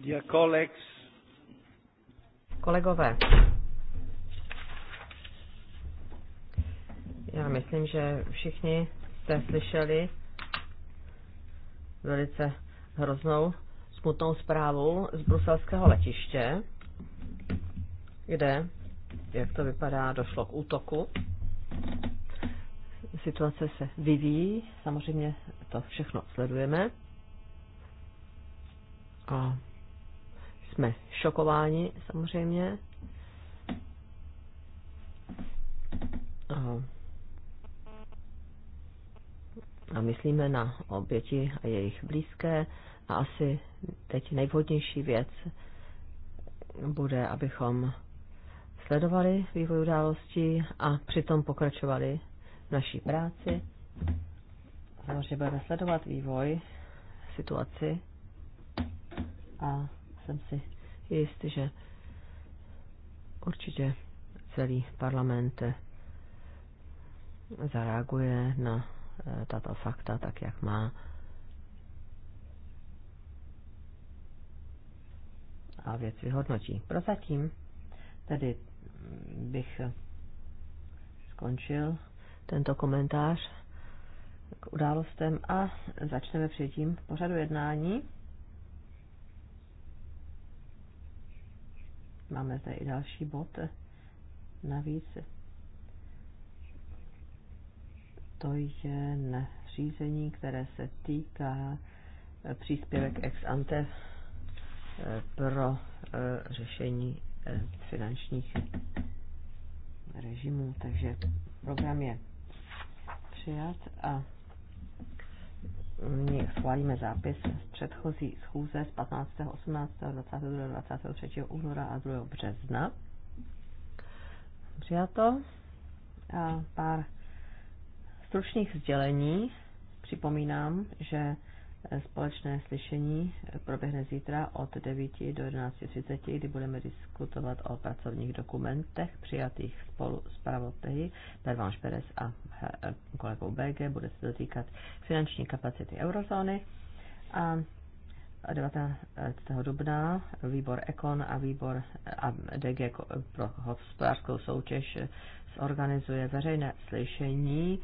Dear colleagues. Kolegové. Já myslím, že všichni jste slyšeli velice hroznou smutnou zprávu z bruselského letiště, kde, jak to vypadá, došlo k útoku. Situace se vyvíjí, samozřejmě to všechno sledujeme. A jsme šokováni samozřejmě. A myslíme na oběti a jejich blízké. A asi teď nejvhodnější věc bude, abychom sledovali vývoj událostí a přitom pokračovali v naší práci. Samozřejmě budeme sledovat vývoj, situaci a jsem si jist, že určitě celý parlament eh, zareaguje na eh, tato fakta tak, jak má. A věc vyhodnotí. Prozatím tedy bych eh, skončil tento komentář k událostem a začneme předtím pořadu jednání. Máme zde i další bod navíc. To je nařízení, které se týká příspěvek ex ante eh, pro eh, řešení eh, finančních režimů. Takže program je přijat a schválíme zápis z předchozí schůze z 15., 18., 22., 23. února a 2. března. Přijato. A pár stručných sdělení. Připomínám, že Společné slyšení proběhne zítra od 9 do 11.30, kdy budeme diskutovat o pracovních dokumentech přijatých spolu s pravotehy Pervanš Perez a eh, kolegou BG. Bude se dotýkat finanční kapacity eurozóny. A 19. dubna výbor Ekon a výbor eh, a DG pro hospodářskou soutěž zorganizuje veřejné slyšení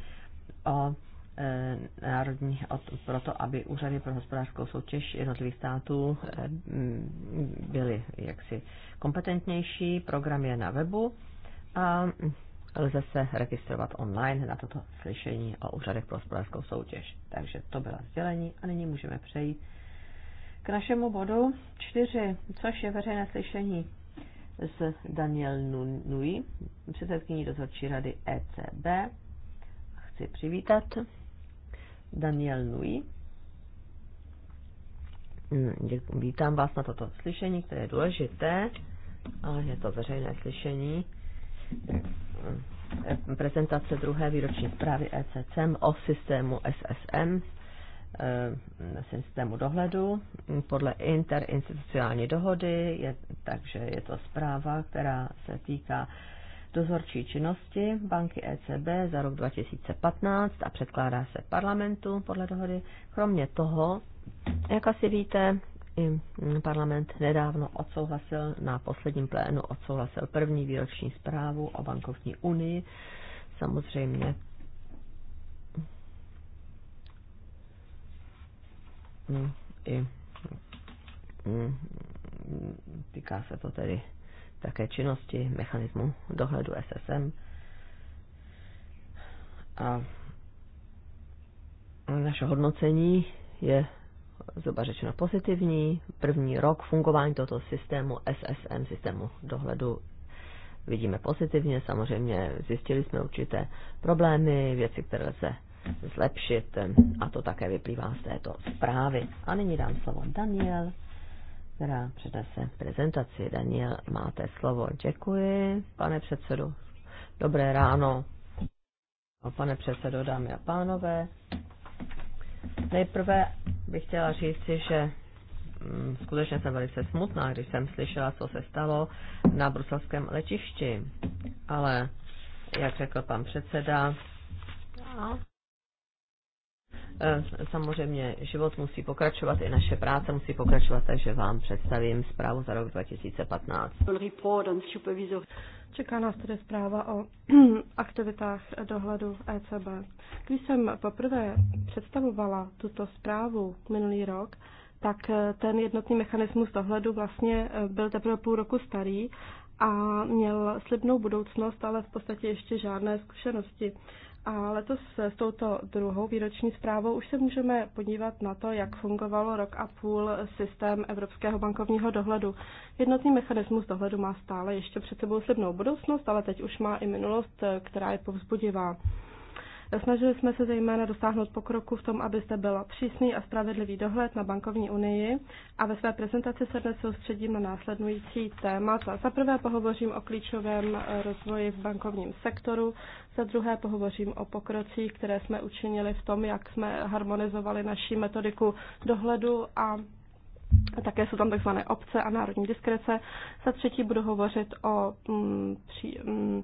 o Eh, národní, proto aby úřady pro hospodářskou soutěž jednotlivých států eh, byly jaksi kompetentnější. Program je na webu a lze se registrovat online na toto slyšení o úřadech pro hospodářskou soutěž. Takže to byla sdělení a nyní můžeme přejít k našemu bodu 4, což je veřejné slyšení s Daniel Nui, předsedkyní dozorčí rady ECB. Chci přivítat Daniel Nui. Mm, vítám vás na toto slyšení, které je důležité, a je to veřejné slyšení. Eh, prezentace druhé výroční zprávy ECCM o systému SSM, eh, systému dohledu podle interinstitucionální dohody, je, takže je to zpráva, která se týká dozorčí činnosti banky ECB za rok 2015 a předkládá se parlamentu podle dohody. Kromě toho, jak asi víte, i parlament nedávno odsouhlasil, na posledním plénu odsouhlasil první výroční zprávu o bankovní unii. Samozřejmě i týká se to tedy také činnosti mechanismu dohledu SSM. A naše hodnocení je zhruba řečeno pozitivní. První rok fungování tohoto systému SSM, systému dohledu, vidíme pozitivně. Samozřejmě zjistili jsme určité problémy, věci, které se zlepšit a to také vyplývá z této zprávy. A nyní dám slovo Daniel která přednese prezentaci. Daniel, máte slovo. Děkuji, pane předsedu. Dobré ráno. No, pane předsedo, dámy a pánové. Nejprve bych chtěla si, že mm, skutečně jsem velice smutná, když jsem slyšela, co se stalo na bruselském letišti. Ale, jak řekl pan předseda, E, samozřejmě život musí pokračovat, i naše práce musí pokračovat, takže vám představím zprávu za rok 2015. Čeká nás tedy zpráva o aktivitách dohledu ECB. Když jsem poprvé představovala tuto zprávu minulý rok, tak e, ten jednotný mechanismus dohledu vlastně e, byl teprve půl roku starý a měl slibnou budoucnost, ale v podstatě ještě žádné zkušenosti. A letos s touto druhou výroční zprávou už se můžeme podívat na to, jak fungovalo rok a půl systém Evropského bankovního dohledu. Jednotný mechanismus dohledu má stále ještě před sebou slibnou budoucnost, ale teď už má i minulost, která je povzbudivá. Snažili jsme se zejména dosáhnout pokroku v tom, aby zde byl přísný a spravedlivý dohled na bankovní unii a ve své prezentaci se dnes soustředím na následující témata. Za prvé pohovořím o klíčovém eh, rozvoji v bankovním sektoru, za druhé pohovořím o pokrocích, které jsme učinili v tom, jak jsme harmonizovali naši metodiku dohledu a také jsou tam takzvané obce a národní diskrece. Za třetí budu hovořit o mm, při, mm,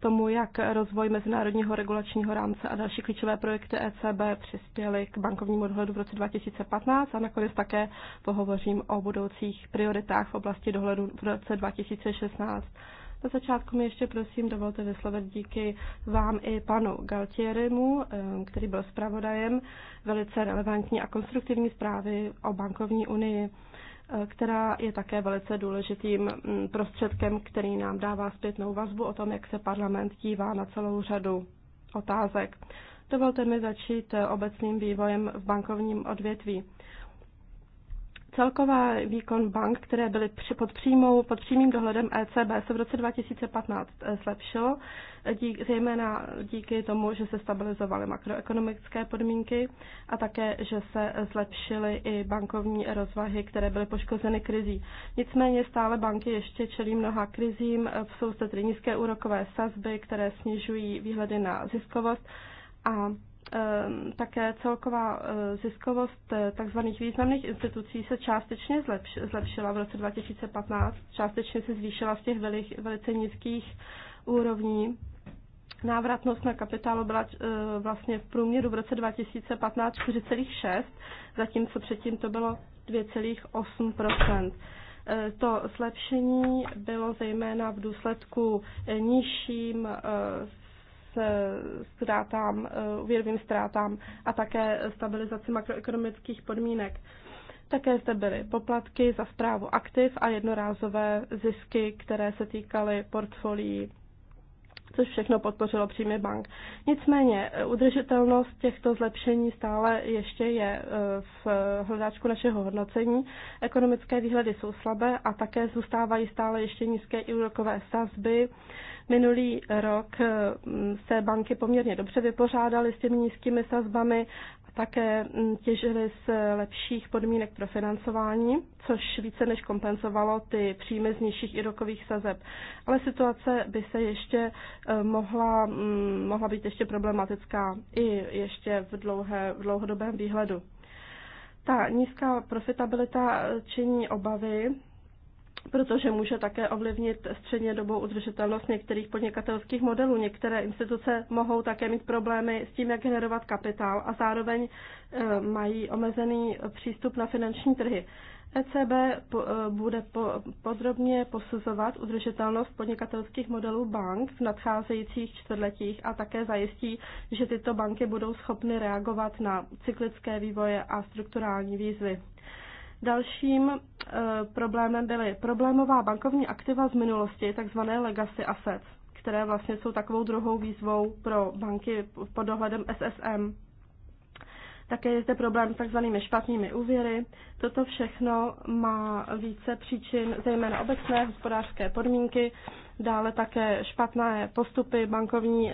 tomu, jak rozvoj mezinárodního regulačního rámce a další klíčové projekty ECB přispěly k bankovnímu dohledu v roce 2015 a nakonec také pohovořím o budoucích prioritách v oblasti dohledu v roce 2016. Na začátku mi ještě prosím dovolte vyslovit díky vám i panu Galtierimu, eh, který byl zpravodajem velice relevantní a konstruktivní zprávy o bankovní unii eh, která je také velice důležitým mm, prostředkem, který nám dává zpětnou vazbu o tom, jak se parlament dívá na celou řadu otázek. Dovolte mi začít eh, obecným vývojem v bankovním odvětví. Celková výkon bank, které byly při, pod, přímou, pod přímým dohledem ECB, se v roce 2015 eh, zlepšilo, dík, zejména díky tomu, že se stabilizovaly makroekonomické podmínky a také, že se eh, zlepšily i bankovní rozvahy, které byly poškozeny krizí. Nicméně stále banky ještě čelí mnoha krizím, eh, jsou zde nízké úrokové sazby, které snižují výhledy na ziskovost a Ehm, také celková eh, ziskovost eh, tzv. významných institucí se částečně zlepšila v roce 2015, částečně se zvýšila z těch velice nízkých úrovní. Návratnost na kapitálu byla eh, vlastně v průměru v roce 2015 4,6, zatímco předtím to bylo 2,8 To zlepšení bylo zejména v důsledku nižším se ztrátám, eh, uvědomým ztrátám a také stabilizaci makroekonomických podmínek. Také zde byly poplatky za zprávu aktiv a jednorázové zisky, které se týkaly portfolií což všechno podpořilo příjmy bank. Nicméně eh, udržitelnost těchto zlepšení stále ještě je eh, v hledáčku našeho hodnocení. Ekonomické výhledy jsou slabé a také zůstávají stále ještě nízké i úrokové sazby. Minulý rok eh, se banky poměrně dobře vypořádaly s těmi nízkými sazbami také mm, těžili z lepších podmínek pro financování, což více než kompenzovalo ty příjmy z nižších irokových sazeb. Ale situace by se ještě eh, mohla, mm, mohla být ještě problematická i ještě v, dlouhé, v dlouhodobém výhledu. Ta nízká profitabilita eh, činí obavy protože může také ovlivnit střednědobou udržitelnost některých podnikatelských modelů. Některé instituce mohou také mít problémy s tím, jak generovat kapitál a zároveň eh, mají omezený přístup na finanční trhy. ECB eh, bude podrobně posuzovat udržitelnost podnikatelských modelů bank v nadcházejících čtvrtletích a také zajistí, že tyto banky budou schopny reagovat na cyklické vývoje a strukturální výzvy. Dalším eh, problémem byly problémová bankovní aktiva z minulosti, takzvané legacy assets, které vlastně jsou takovou druhou výzvou pro banky pod dohledem SSM. Také je zde problém s takzvanými špatnými úvěry. Toto všechno má více příčin, zejména obecné hospodářské podmínky, dále také špatné postupy, bankovní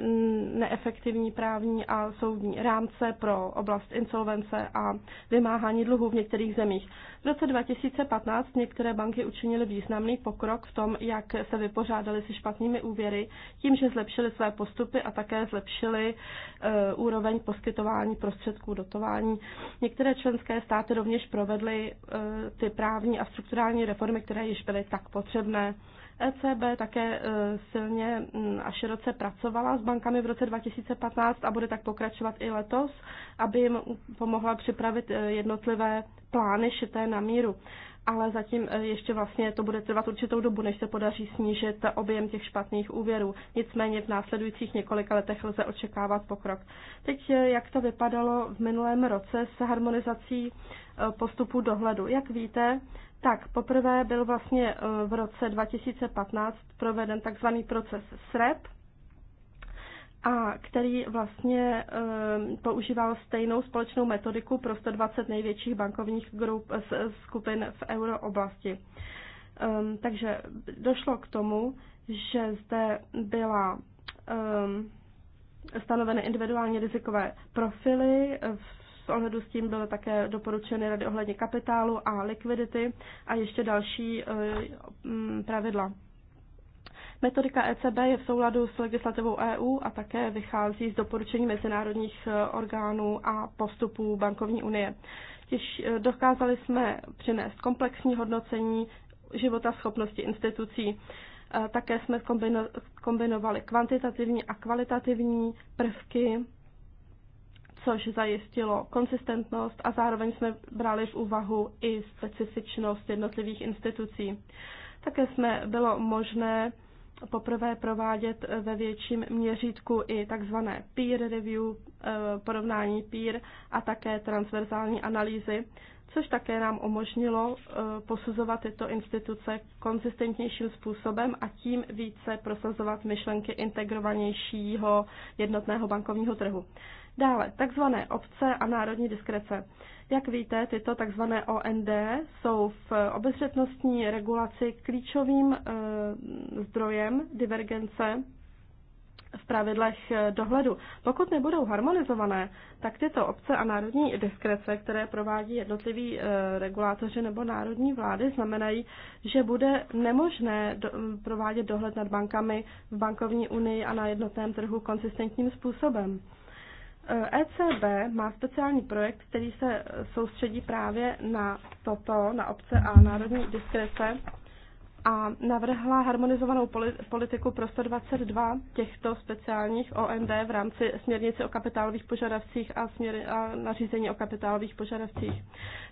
neefektivní právní a soudní rámce pro oblast insolvence a vymáhání dluhů v některých zemích. V roce 2015 některé banky učinily významný pokrok v tom, jak se vypořádali se špatnými úvěry, tím, že zlepšili své postupy a také zlepšili e, úroveň poskytování prostředků dotování. Některé členské státy rovněž provedly e, ty právní a strukturální reformy, které již byly tak potřebné. ECB také e, silně mm, a široce pracovala s bankami v roce 2015 a bude tak pokračovat i letos, aby jim pomohla připravit e, jednotlivé plány šité na míru. Ale zatím e, ještě vlastně to bude trvat určitou dobu, než se podaří snížit objem těch špatných úvěrů. Nicméně v následujících několika letech lze očekávat pokrok. Teď, jak to vypadalo v minulém roce s harmonizací postupu dohledu. Jak víte, tak poprvé byl vlastně eh, v roce 2015 proveden takzvaný proces SREP, a který vlastně eh, používal stejnou společnou metodiku pro 120 největších bankovních grup, eh, skupin v eurooblasti. Ehm, takže došlo k tomu, že zde byla ehm, stanoveny individuálně rizikové profily v z ohledu s tím byly také doporučeny rady ohledně kapitálu a likvidity a ještě další e, mm, pravidla. Metodika ECB je v souladu s legislativou EU a také vychází z doporučení mezinárodních e, orgánů a postupů bankovní unie. Těž e, dokázali jsme přinést komplexní hodnocení života schopnosti institucí. Také jsme kombinovali kvantitativní a kvalitativní prvky což zajistilo konsistentnost a zároveň jsme brali v úvahu i specifičnost jednotlivých institucí. Také jsme bylo možné poprvé provádět ve větším měřítku i takzvané peer review, eh, porovnání peer a také transverzální analýzy, což také nám umožnilo eh, posuzovat tyto instituce konzistentnějším způsobem a tím více prosazovat myšlenky integrovanějšího jednotného bankovního trhu. Dále, takzvané obce a národní diskrece. Jak víte, tyto takzvané OND jsou v obezřetnostní regulaci klíčovým eh, zdrojem divergence v pravidlech eh, dohledu. Pokud nebudou harmonizované, tak tyto obce a národní diskrece, které provádí jednotliví eh, regulátoři nebo národní vlády, znamenají, že bude nemožné do, provádět dohled nad bankami v bankovní unii a na jednotném trhu konsistentním způsobem. ECB má speciální projekt, který se soustředí právě na toto, na obce a národní diskrece a navrhla harmonizovanou politiku pro 122 těchto speciálních OMD v rámci směrnice o kapitálových požadavcích a, směr, a nařízení o kapitálových požadavcích.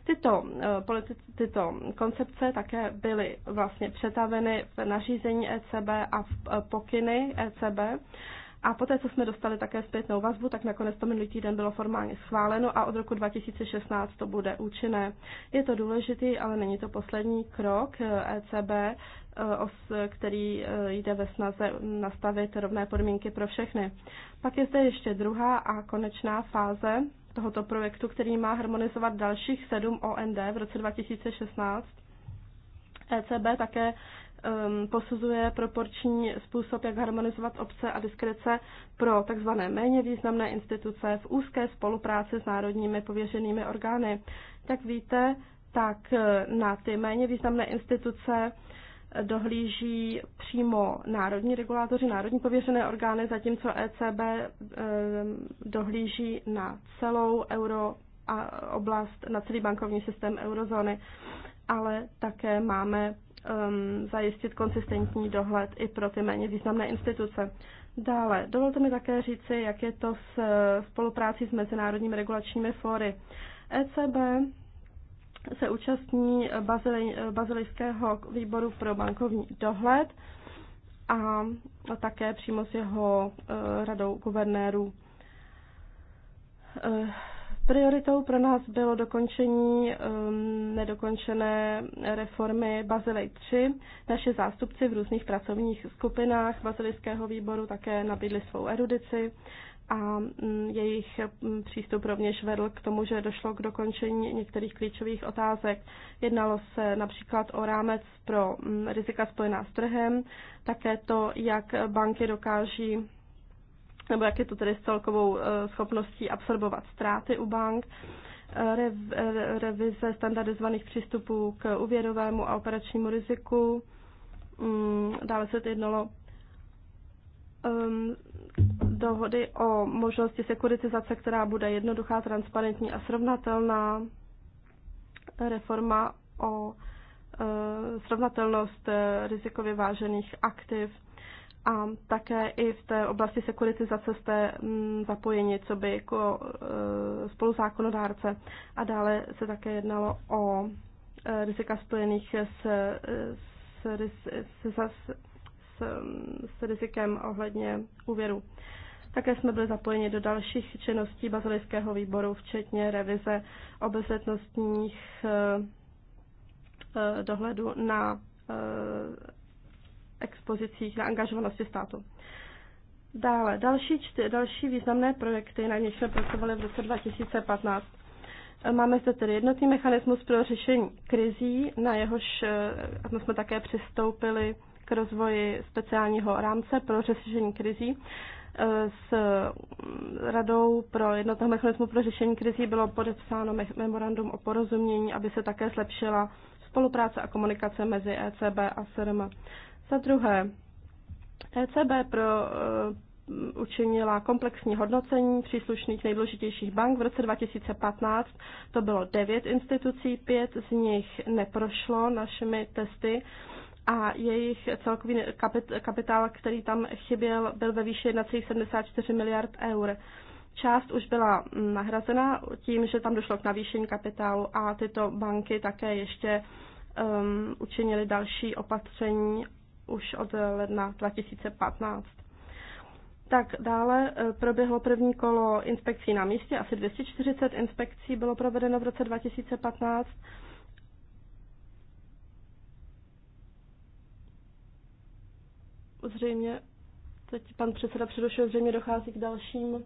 Tyto, e, politi, tyto koncepce také byly vlastně přetaveny v nařízení ECB a v e, pokyny ECB a poté, co jsme dostali také zpětnou vazbu, tak nakonec to minulý týden bylo formálně schváleno a od roku 2016 to bude účinné. Je to důležitý, ale není to poslední krok ECB, eh, e eh, který eh, jde ve snaze nastavit rovné podmínky pro všechny. Pak je zde ještě druhá a konečná fáze tohoto projektu, který má harmonizovat dalších sedm OND v roce 2016. ECB také um, posuzuje proporční způsob, jak harmonizovat obce a diskrece pro tzv. méně významné instituce v úzké spolupráci s národními pověřenými orgány. Jak víte, tak eh, na ty méně významné instituce eh, dohlíží přímo národní regulátoři, národní pověřené orgány, zatímco ECB eh, dohlíží na celou euro a oblast, na celý bankovní systém eurozóny ale také máme um, zajistit konsistentní dohled i pro ty méně významné instituce. Dále, dovolte mi také říci, jak je to s eh, spoluprácí s mezinárodními regulačními fóry. ECB se účastní Bazilijského výboru pro bankovní dohled a také přímo s jeho eh, radou guvernérů. Eh, Prioritou pro nás bylo dokončení um, nedokončené reformy Bazilej 3. Naše zástupci v různých pracovních skupinách Bazilijského výboru také nabídli svou erudici a mm, jejich mm, přístup rovněž vedl k tomu, že došlo k dokončení některých klíčových otázek. Jednalo se například o rámec pro mm, rizika spojená s trhem, také to, jak banky dokáží nebo jak je to tedy s celkovou eh, schopností absorbovat ztráty u bank, eh, eh, revize standardizovaných přístupů k úvěrovému a operačnímu riziku, mm, dále se jednalo ehm, dohody o možnosti sekuritizace, která bude jednoduchá, transparentní a srovnatelná, reforma o srovnatelnost rizikově vážených aktiv, a také i v té oblasti sekuritizace jste mm, zapojeni, co by jako e, spoluzákonodárce. A dále se také jednalo o e, rizika spojených s, e, s, s, s, s, s rizikem ohledně úvěru. Také jsme byli zapojeni do dalších činností bazilického výboru, včetně revize obezřetnostních dohledu na expozicích, na angažovanosti státu. Dále, další, čty, další významné projekty, na něž jsme pracovali v roce 2015. Máme zde tedy jednotný mechanismus pro řešení krizí, na jehož my eh, jsme také přistoupili k rozvoji speciálního rámce pro řešení krizí. Eh, s mm, Radou pro jednotného mechanismu pro řešení krizí bylo podepsáno memorandum o porozumění, aby se také zlepšila spolupráce a komunikace mezi ECB a SRM. Za druhé, ECB pro eh, učinila komplexní hodnocení příslušných nejdůležitějších bank. V roce 2015 to bylo devět institucí, pět z nich neprošlo našimi testy a jejich celkový kapitál, který tam chyběl, byl ve výši 1,74 miliard eur. Část už byla nahrazena tím, že tam došlo k navýšení kapitálu a tyto banky také ještě um, ehm, učinili další opatření už od ledna 2015. Tak dále eh, proběhlo první kolo inspekcí na místě, asi 240 inspekcí bylo provedeno v roce 2015. Zřejmě, teď pan předseda předošel, zřejmě dochází k dalším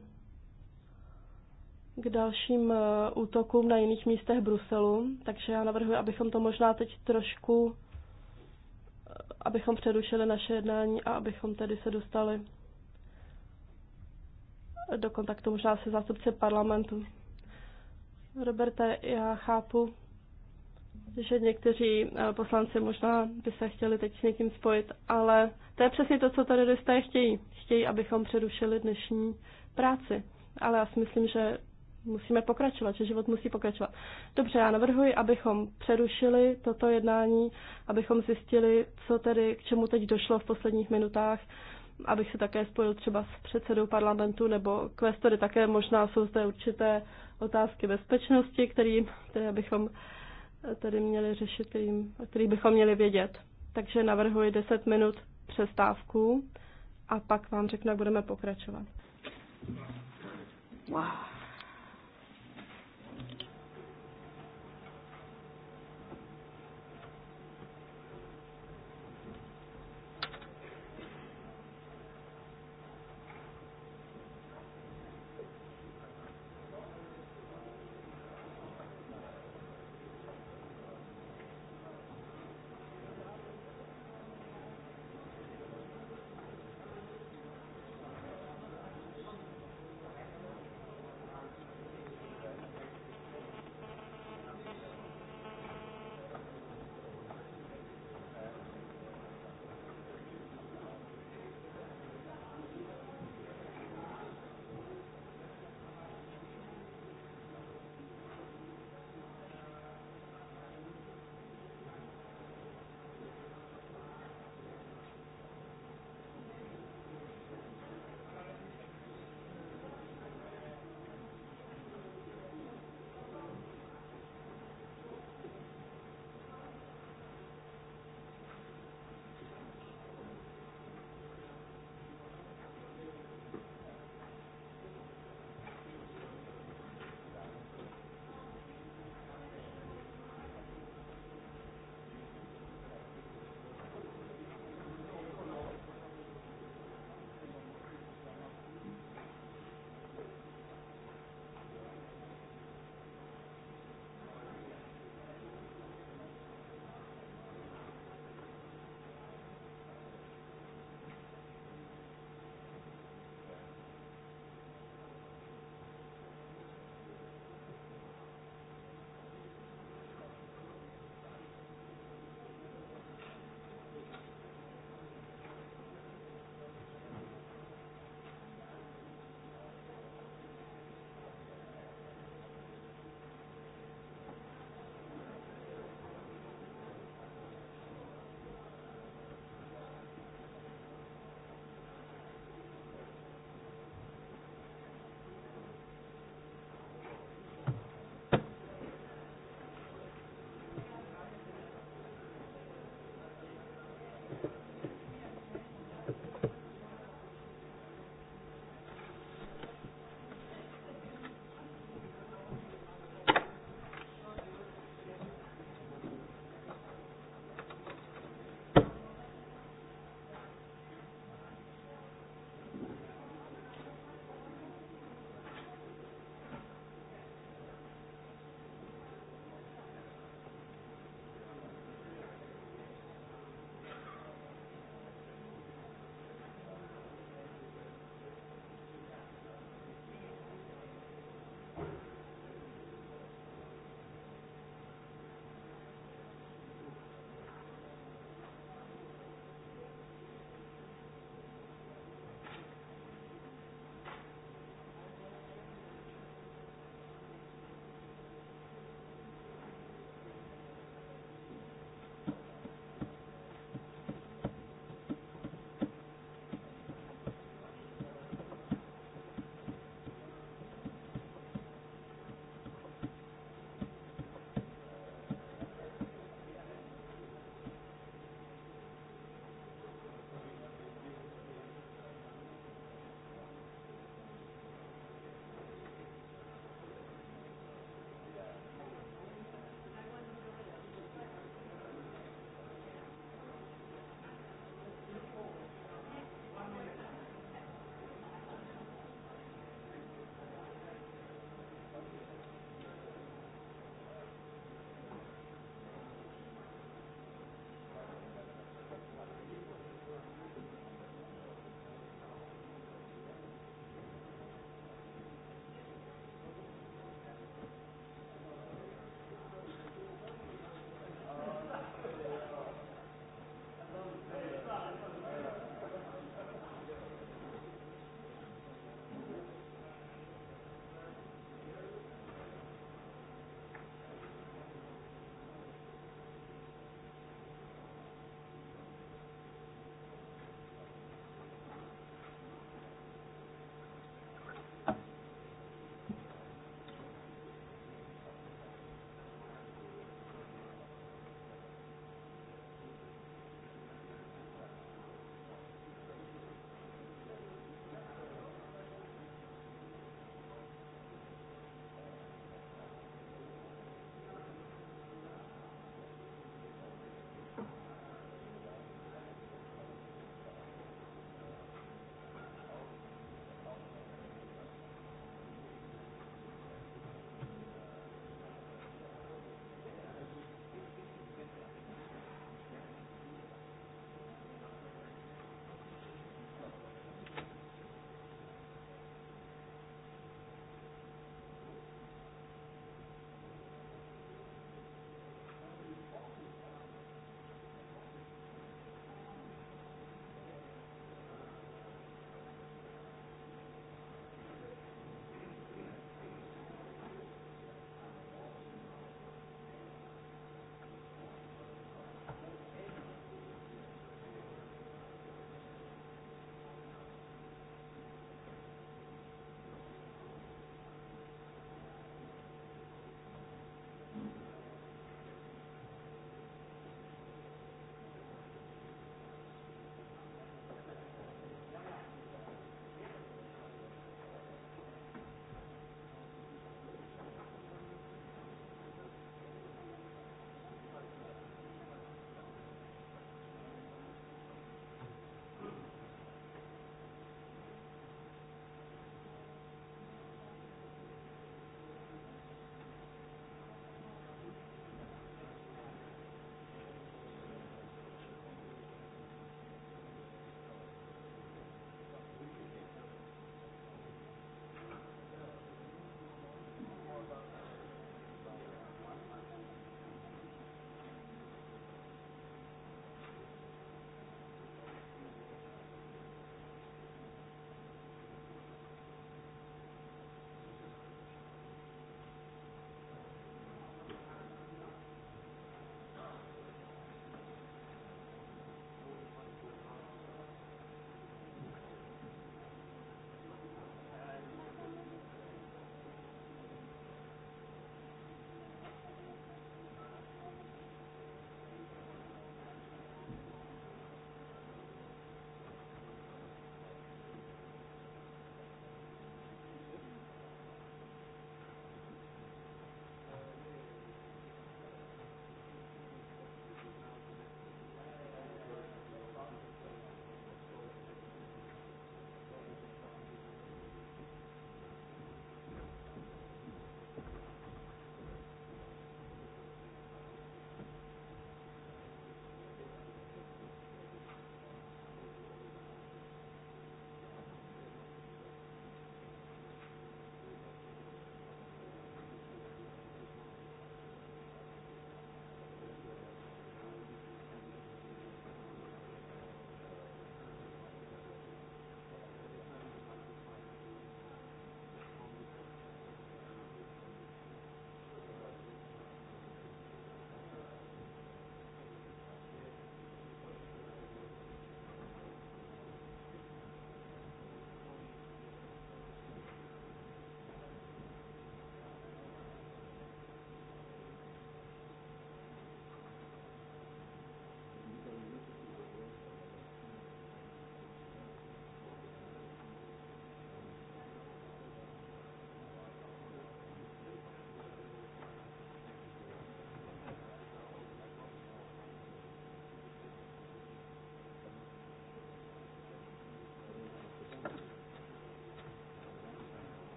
k dalším eh, útokům na jiných místech Bruselu, takže já navrhuji, abychom to možná teď trošku abychom přerušili naše jednání a abychom tedy se dostali do kontaktu možná se zástupce parlamentu. Roberte, já chápu, že někteří eh, poslanci možná by se chtěli teď s někým spojit, ale to je přesně to, co teroristé chtějí. Chtějí, abychom přerušili dnešní práci. Ale já si myslím, že musíme pokračovat, že život musí pokračovat. Dobře, já navrhuji, abychom přerušili toto jednání, abychom zjistili, co tedy, k čemu teď došlo v posledních minutách, abych se také spojil třeba s předsedou parlamentu nebo kvestory, také možná jsou zde určité otázky bezpečnosti, kterým, které bychom eh, tedy měli řešit, kterým, který bychom měli vědět. Takže navrhuji 10 minut přestávku a pak vám řeknu, jak budeme pokračovat. Wow.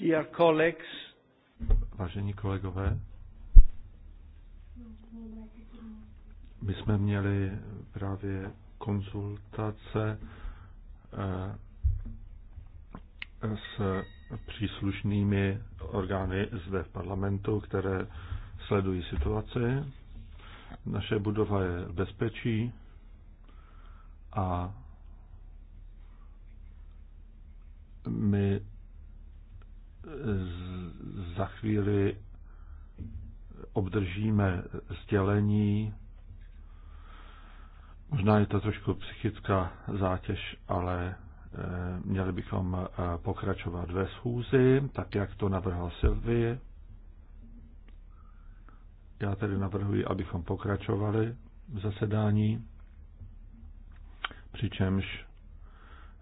Dear colleagues. Vážení kolegové, my jsme měli právě konzultace eh, s příslušnými orgány zde v parlamentu, které sledují situaci. Naše budova je v bezpečí a mé sdělení. Možná je to trošku psychická zátěž, ale eh, měli bychom eh, pokračovat ve schůzi, tak jak to navrhla Sylvie. Já tedy navrhuji, abychom pokračovali v zasedání, přičemž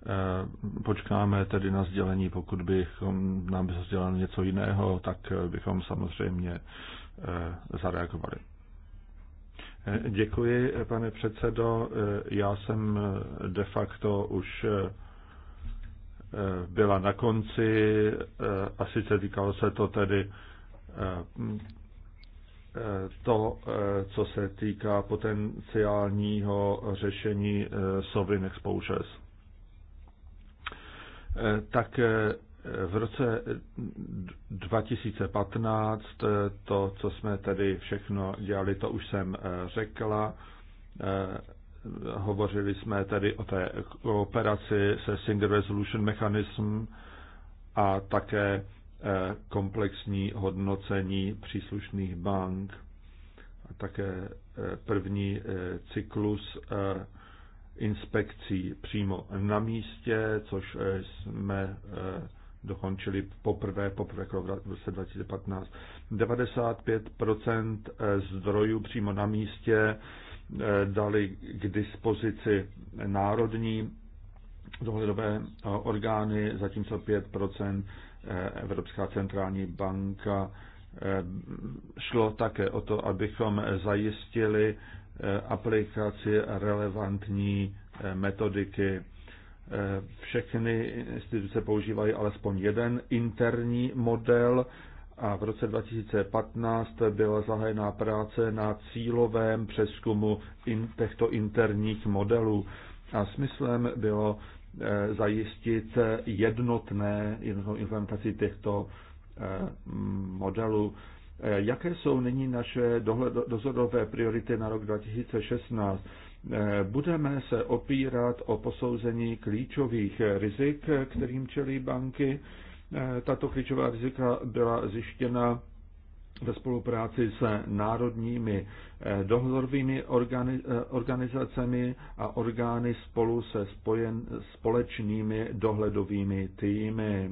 Eh, počkáme tedy na sdělení, pokud bychom nám by sděleno něco jiného, tak eh, bychom samozřejmě eh, zareagovali. Děkuji, pane předsedo. Já jsem de facto už byla na konci a sice týkalo se to tedy to, co se týká potenciálního řešení sovereign exposures. Eh, tak eh, v roce 2015 eh, to, co jsme tedy všechno dělali, to už jsem řekla. Hovořili jsme tedy o té kooperaci se Single Resolution Mechanism a také komplexní hodnocení příslušných bank a také první cyklus inspekcí přímo na místě, což eh, jsme eh, dokončili poprvé, poprvé v roce 2015. 95% eh, zdrojů přímo na místě dali k dispozici národní dohledové orgány, zatímco 5% Evropská centrální banka. Šlo také o to, abychom zajistili Eh, aplikaci relevantní eh, metodiky. Eh, všechny instituce používají alespoň jeden interní model a v roce 2015 byla zahájena práce na cílovém přeskumu in, těchto interních modelů. A smyslem bylo zajistit jednotné, jednotnou implementaci těchto modelů. Eh, jaké jsou nyní naše dohled, dozorové priority na rok 2016? Eh, budeme se opírat o posouzení klíčových rizik, kterým čelí banky. Eh, tato klíčová rizika byla zjištěna ve spolupráci s národními dohledovými organizacemi a orgány spolu se spojen, společnými dohledovými týmy.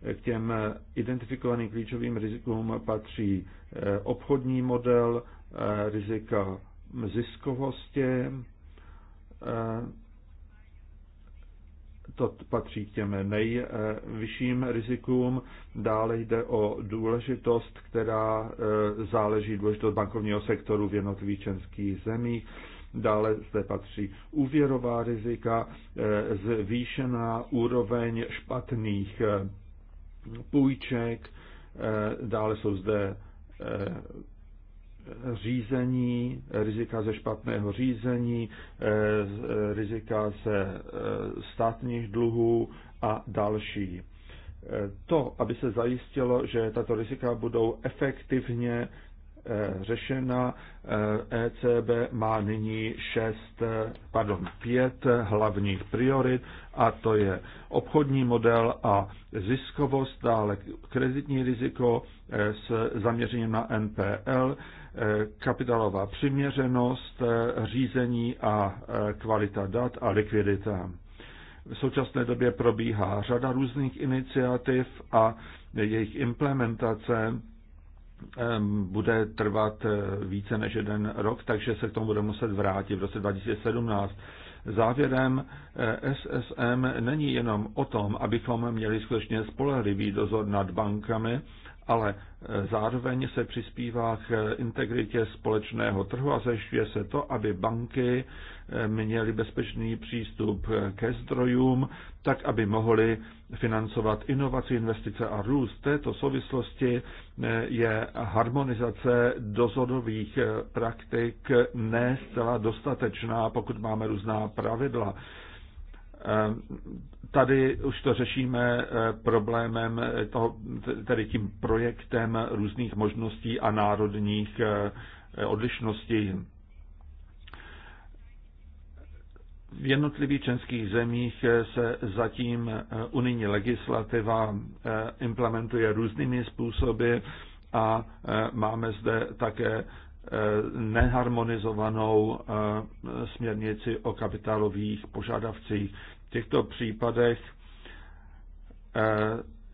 K těm identifikovaným klíčovým rizikům patří eh, obchodní model, eh, rizika ziskovosti, eh, to patří k těm nejvyšším rizikům. Dále jde o důležitost, která záleží důležitost bankovního sektoru v jednotlivých členských zemích. Dále zde patří úvěrová rizika, zvýšená úroveň špatných půjček, eh, dále jsou zde eh, řízení, rizika ze špatného řízení, eh, rizika ze státních dluhů a další. To, aby se zajistilo, že tato rizika budou efektivně Eh, řešena. ECB eh, e má nyní šest, eh, pardon, pět hlavních priorit a to je obchodní model a ziskovost, dále kreditní riziko s zaměřením na NPL, kapitálová přiměřenost, řízení a kvalita dat a likvidita. V současné době probíhá řada různých iniciativ a jejich implementace bude trvat eh, více než jeden rok, takže se k tomu bude muset vrátit v roce 2017. Závěrem eh, SSM není jenom o tom, abychom měli skutečně spolehlivý dozor nad bankami, ale eh, zároveň se přispívá k integritě společného trhu a zajišťuje se to, aby banky měli bezpečný přístup ke zdrojům, tak aby mohli financovat inovaci, investice a růst. V této souvislosti eh, je harmonizace dozorových eh, praktik ne zcela dostatečná, pokud máme různá pravidla. Eh, tady už to řešíme problémem, toho, tedy tím projektem různých možností a národních odlišností. V jednotlivých členských zemích eh, se zatím eh, unijní legislativa eh, implementuje různými způsoby a máme zde také neharmonizovanou směrnici o kapitálových požadavcích. V těchto případech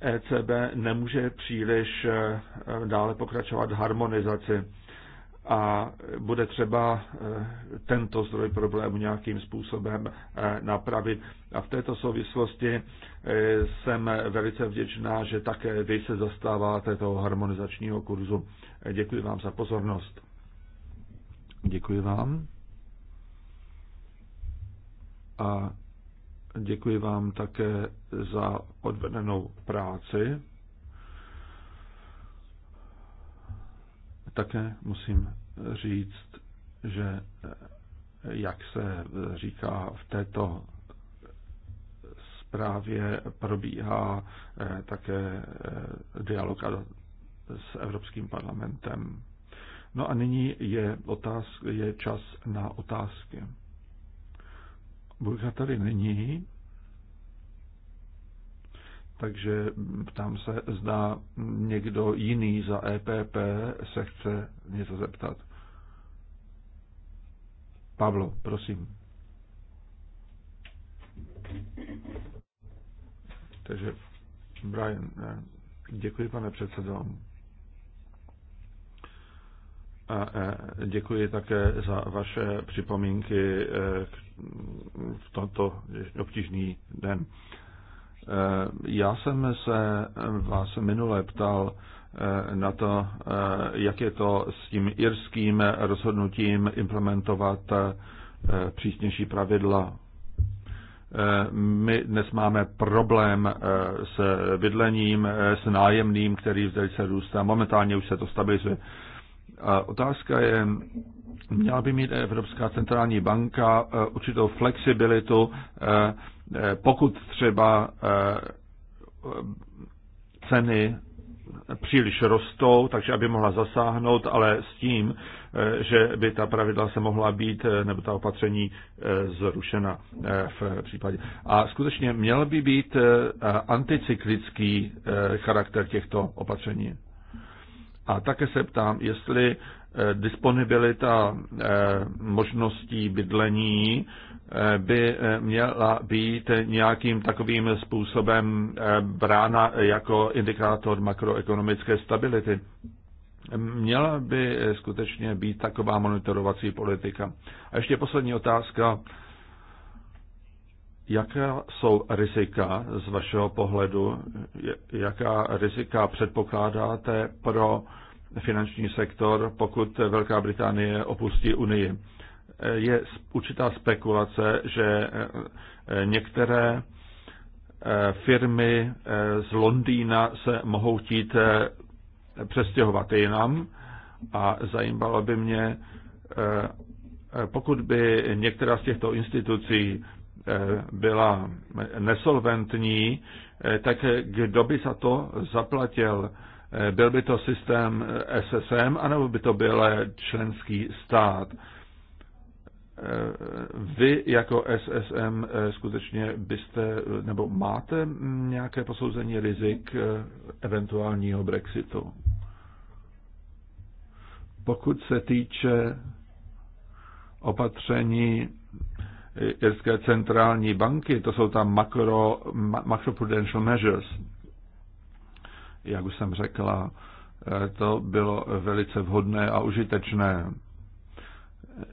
ECB e nemůže příliš dále pokračovat harmonizaci a bude třeba eh, tento zdroj problému nějakým způsobem eh, napravit. A v této souvislosti eh, jsem velice vděčná, že také vy se zastáváte toho harmonizačního kurzu. Děkuji vám za pozornost. Děkuji vám. A děkuji vám také za odvedenou práci. také musím říct, že eh, jak se eh, říká v této zprávě, probíhá eh, také dialog s Evropským parlamentem. No a nyní je, otázka, je čas na otázky. Burka tady není, takže ptám se, zda někdo jiný za EPP se chce něco zeptat. Pavlo, prosím. Takže Brian, eh, děkuji pane předsedo. A eh, děkuji také za vaše připomínky eh, v tomto obtížný den. Eh, já jsem se vás minule ptal eh, na to, eh, jak je to s tím irským rozhodnutím implementovat přísnější pravidla. My dnes máme problém s bydlením, s nájemným, který se růstá. Momentálně už se to stabilizuje. A otázka je, měla by mít Evropská centrální banka určitou flexibilitu Eh, pokud třeba eh, ceny příliš rostou, takže aby mohla zasáhnout, ale s tím, eh, že by ta pravidla se mohla být, nebo ta opatření zrušena v případě. A skutečně měl by být anticyklický charakter těchto opatření. A také se ptám, jestli disponibilita eh, možností bydlení eh, by eh, měla být nějakým takovým způsobem brána jako indikátor makroekonomické stability. Měla by skutečně být taková monitorovací politika. A ještě poslední otázka. Jaká jsou rizika z vašeho pohledu? Jaká rizika předpokládáte pro finanční sektor, pokud Velká Británie opustí Unii. Je určitá spekulace, že eh, některé eh, firmy eh, z Londýna se mohou chtít přestěhovat jinam a zajímalo by mě, pokud by některá z těchto institucí byla nesolventní, tak kdo by za to zaplatil? Eh, byl by to systém eh, SSM, anebo by to byl eh, členský stát? Vy jako SSM skutečně byste, nebo máte mm, nějaké posouzení rizik eventuálního Brexitu? Pokud se týče opatření Irské centrální banky, to jsou tam makro, macroprudential measures, jak už jsem řekla, eh, to bylo velice vhodné a užitečné.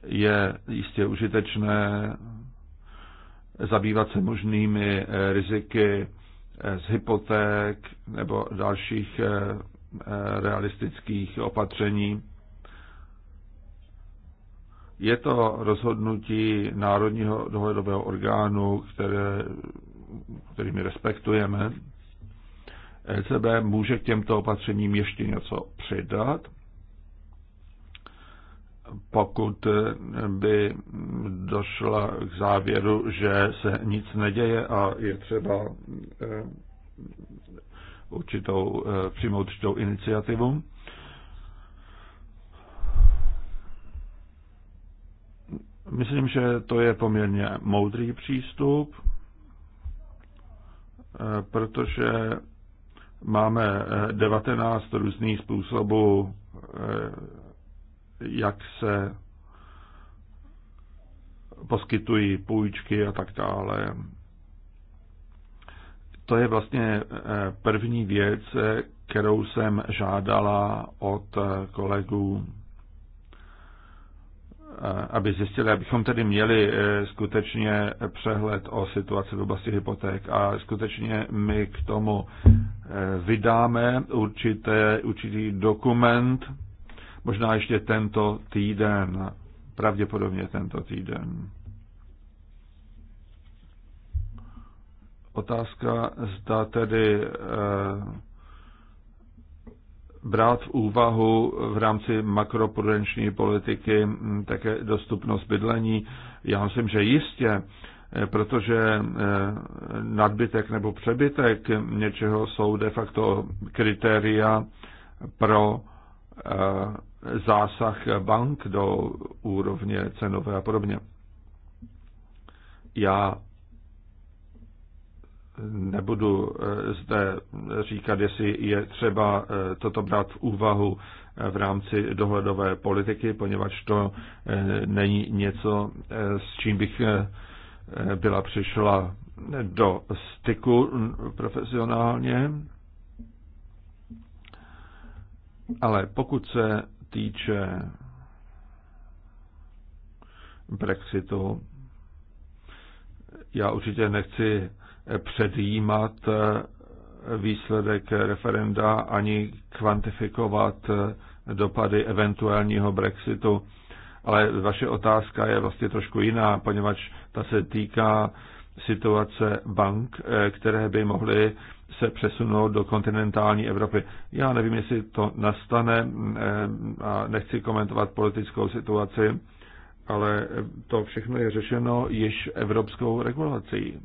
Je jistě užitečné zabývat se možnými eh, riziky eh, z hypoték nebo dalších realistických opatření. Je to rozhodnutí Národního dohledového orgánu, které, který my respektujeme, ECB může k těmto opatřením ještě něco přidat, pokud by došla k závěru, že se nic neděje a je třeba e, určitou, e, přijmout určitou iniciativu. Myslím, že to je poměrně moudrý přístup, e, protože Máme 19 eh, různých způsobů, eh, jak se poskytují půjčky a tak dále. To je vlastně eh, první věc, kterou jsem žádala od kolegů Eh, aby zjistili, abychom tedy měli eh, skutečně přehled o situaci v oblasti hypoték a skutečně my k tomu eh, vydáme určité, určitý dokument, možná ještě tento týden, pravděpodobně tento týden. Otázka, zda tedy brát v úvahu v rámci makroprudenční politiky také dostupnost bydlení. Já myslím, že jistě, e, protože e, nadbytek nebo přebytek něčeho jsou de facto kritéria pro e, zásah bank do úrovně cenové a podobně. Já nebudu eh, zde říkat, jestli je třeba eh, toto brát v úvahu eh, v rámci dohledové politiky, poněvadž to není něco, s čím bych byla přišla do styku profesionálně. Ale pokud se týče Brexitu, já určitě nechci předjímat eh, výsledek referenda ani kvantifikovat eh, dopady eventuálního Brexitu. Ale vaše otázka je vlastně trošku jiná, poněvadž ta se týká situace bank, eh, které by mohly se přesunout do kontinentální Evropy. Já nevím, jestli to nastane a nechci komentovat politickou situaci, ale to všechno je řešeno již evropskou regulací.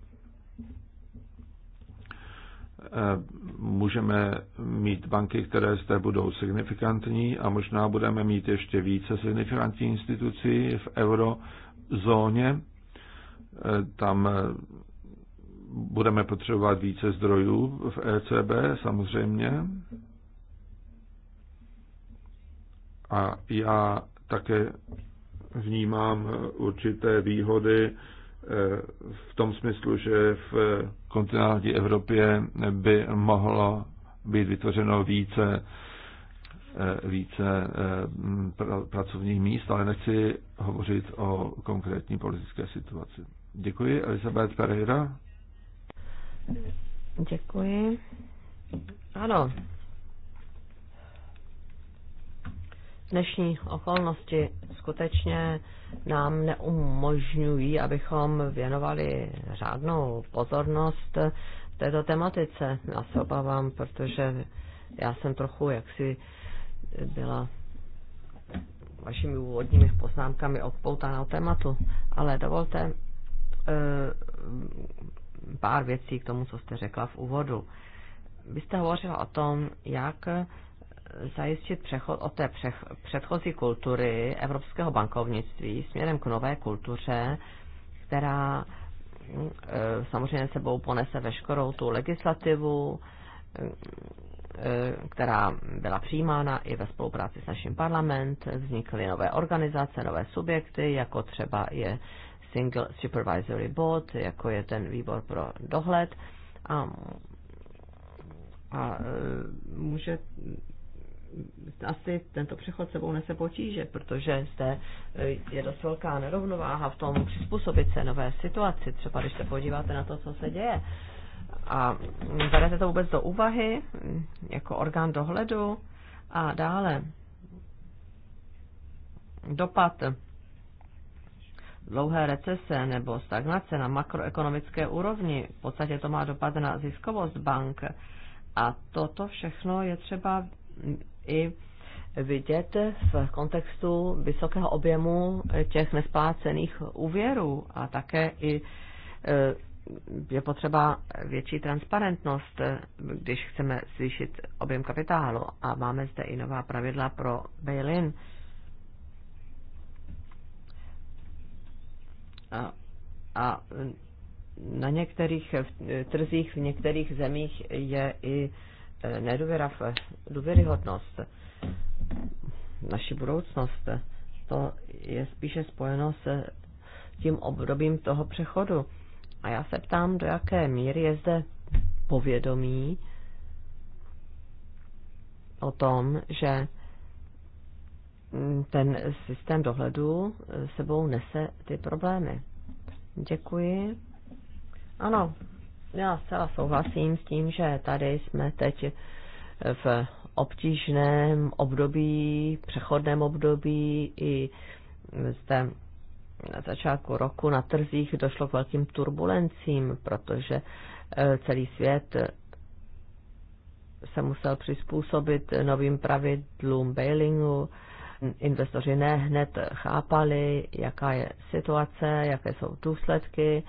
Eh, můžeme mít banky, které zde budou signifikantní a možná budeme mít ještě více signifikantní institucí v eurozóně. Eh, tam eh, budeme potřebovat více zdrojů v ECB samozřejmě. A já také vnímám určité výhody Eh, v tom smyslu, že v kontinentální Evropě by mohlo být vytvořeno více, eh, více eh, pracovních míst, ale nechci hovořit o konkrétní politické situaci. Děkuji. Elizabeth Pereira. Děkuji. Ano, dnešní okolnosti skutečně nám neumožňují, abychom věnovali řádnou pozornost této tematice. Já se obávám, protože já jsem trochu jaksi byla vašimi úvodními poznámkami odpoutána od tématu, ale dovolte eh, pár věcí k tomu, co jste řekla v úvodu. Vy jste hovořila o tom, jak zajistit přechod od té předchozí kultury evropského bankovnictví směrem k nové kultuře, která mm, e, samozřejmě sebou ponese veškerou tu legislativu, mm, e, která byla přijímána i ve spolupráci s naším parlament, vznikly nové organizace, nové subjekty, jako třeba je Single Supervisory Board, jako je ten výbor pro dohled a, a e, může asi tento přechod sebou nese potíže, protože zde e, je dost velká nerovnováha v tom přizpůsobit se nové situaci, třeba když se podíváte na to, co se děje. A berete to vůbec do úvahy mm, jako orgán dohledu a dále dopad dlouhé recese nebo stagnace na makroekonomické úrovni. V podstatě to má dopad na ziskovost bank. A toto všechno je třeba i vidět v kontextu vysokého objemu těch nesplácených úvěrů a také i eh, je potřeba větší transparentnost, když chceme zvýšit objem kapitálu a máme zde i nová pravidla pro bail-in. A, a na některých trzích v některých zemích je i nedůvěra v důvěryhodnost, naší budoucnost, to je spíše spojeno se tím obdobím toho přechodu. A já se ptám, do jaké míry je zde povědomí o tom, že ten systém dohledu sebou nese ty problémy. Děkuji. Ano, já zcela souhlasím s tím, že tady jsme teď v obtížném období, přechodném období i zde na začátku roku na trzích došlo k velkým turbulencím, protože eh, celý svět eh, se musel přizpůsobit novým pravidlům bailingu. Investoři ne hned chápali, jaká je situace, jaké jsou důsledky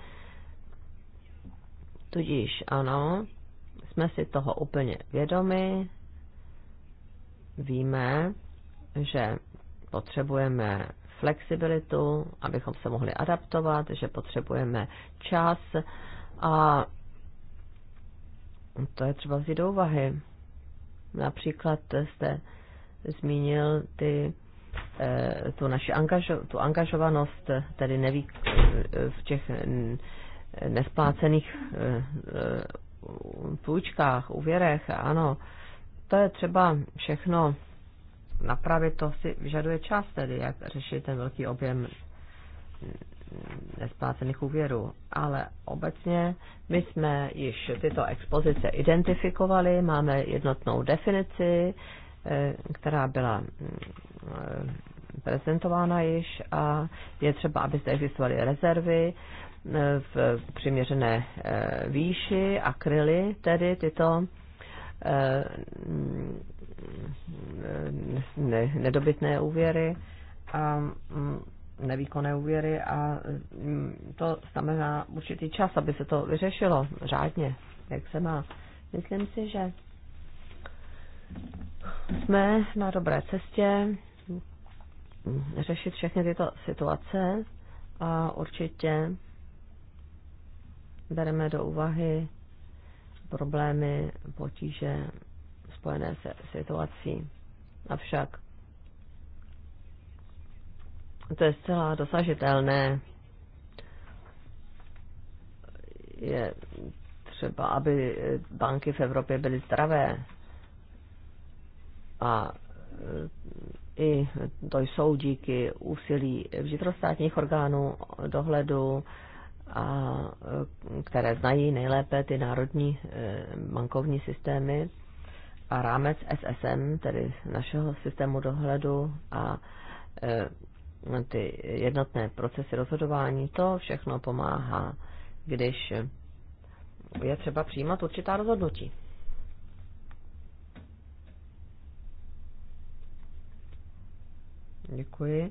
Tudíž ano, jsme si toho úplně vědomi, víme, že potřebujeme flexibilitu, abychom se mohli adaptovat, že potřebujeme čas a to je třeba vzít do úvahy. Například jste zmínil ty, eh, tu naši angažo, tu angažovanost, tedy neví, eh, v těch nesplácených eh, eh, půjčkách, úvěrech, ano, to je třeba všechno napravit, to si vyžaduje čas tedy, jak řešit ten velký objem nesplácených úvěrů. Ale obecně my jsme již tyto expozice identifikovali, máme jednotnou definici, eh, která byla prezentována již a je třeba, aby zde existovaly rezervy v přiměřené eh, výši a kryly tedy tyto eh, nedobytné úvěry a mm, nevýkonné úvěry a mm, to znamená určitý čas, aby se to vyřešilo řádně, jak se má. Myslím si, že jsme na dobré cestě mm, řešit všechny tyto situace a určitě bereme do úvahy problémy, potíže spojené se situací. Avšak to je zcela dosažitelné. Je třeba, aby banky v Evropě byly zdravé. A e, i to jsou díky úsilí vnitrostátních orgánů dohledu, a e, které znají nejlépe ty národní e, bankovní systémy a rámec SSM, tedy našeho systému dohledu a e, ty jednotné procesy rozhodování, to všechno pomáhá, když je třeba přijímat určitá rozhodnutí. Děkuji.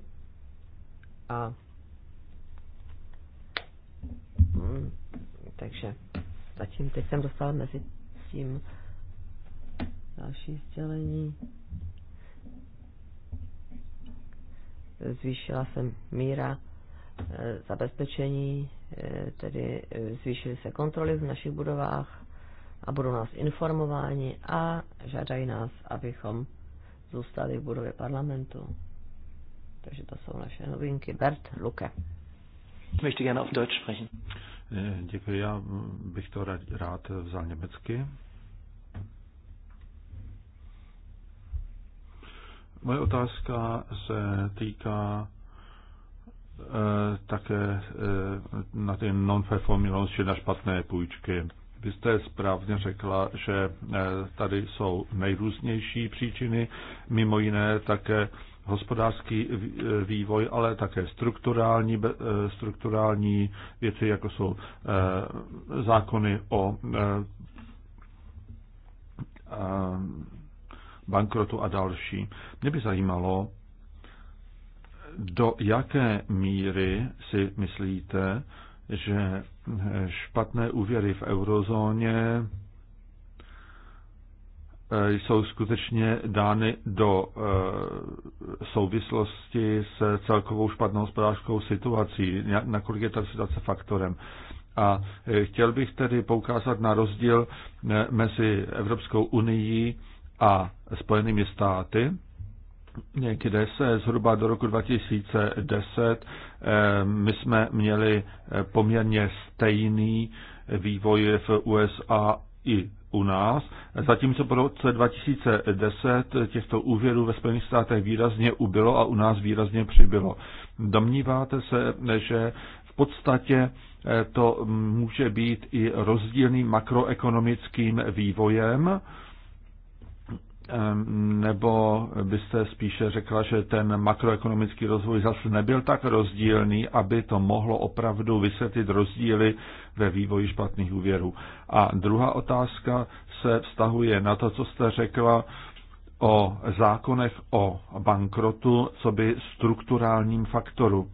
A Takže zatím teď jsem dostala mezi tím další sdělení. Zvýšila jsem míra eh, zabezpečení, eh, tedy eh, zvýšily se kontroly v našich budovách a budou nás informováni a žádají nás, abychom zůstali v budově parlamentu. Takže to jsou naše novinky. Bert Luke. Ich möchte gerne auf Deutsch sprechen. Eh, děkuji, já bych to rád vzal německy. Moje otázka se týká eh, také eh, na ty non-performing loans, či na špatné půjčky. Vy jste správně řekla, že tady jsou nejrůznější příčiny, mimo jiné také hospodářský e, vývoj, ale také strukturální, e, strukturální věci, jako jsou e, zákony o bankrotu a další. Mě by zajímalo, do jaké míry si myslíte, že špatné úvěry v eurozóně Eh, jsou skutečně dány do eh, souvislosti s celkovou špatnou hospodářskou situací, nakolik je ta situace faktorem. A eh, chtěl bych tedy poukázat na rozdíl mezi Evropskou unii a Spojenými státy, kde se zhruba do roku 2010 my jsme měli poměrně stejný vývoj v USA i u nás, zatímco po roce 2010 těchto úvěrů ve Spojených státech výrazně ubylo a u nás výrazně přibylo. Domníváte se, že v podstatě eh, to může být i rozdílným makroekonomickým vývojem, nebo byste spíše řekla, že ten makroekonomický rozvoj zase nebyl tak rozdílný, aby to mohlo opravdu vysvětlit rozdíly ve vývoji špatných úvěrů. A druhá otázka se vztahuje na to, co jste řekla o zákonech o bankrotu, co by strukturálním faktoru.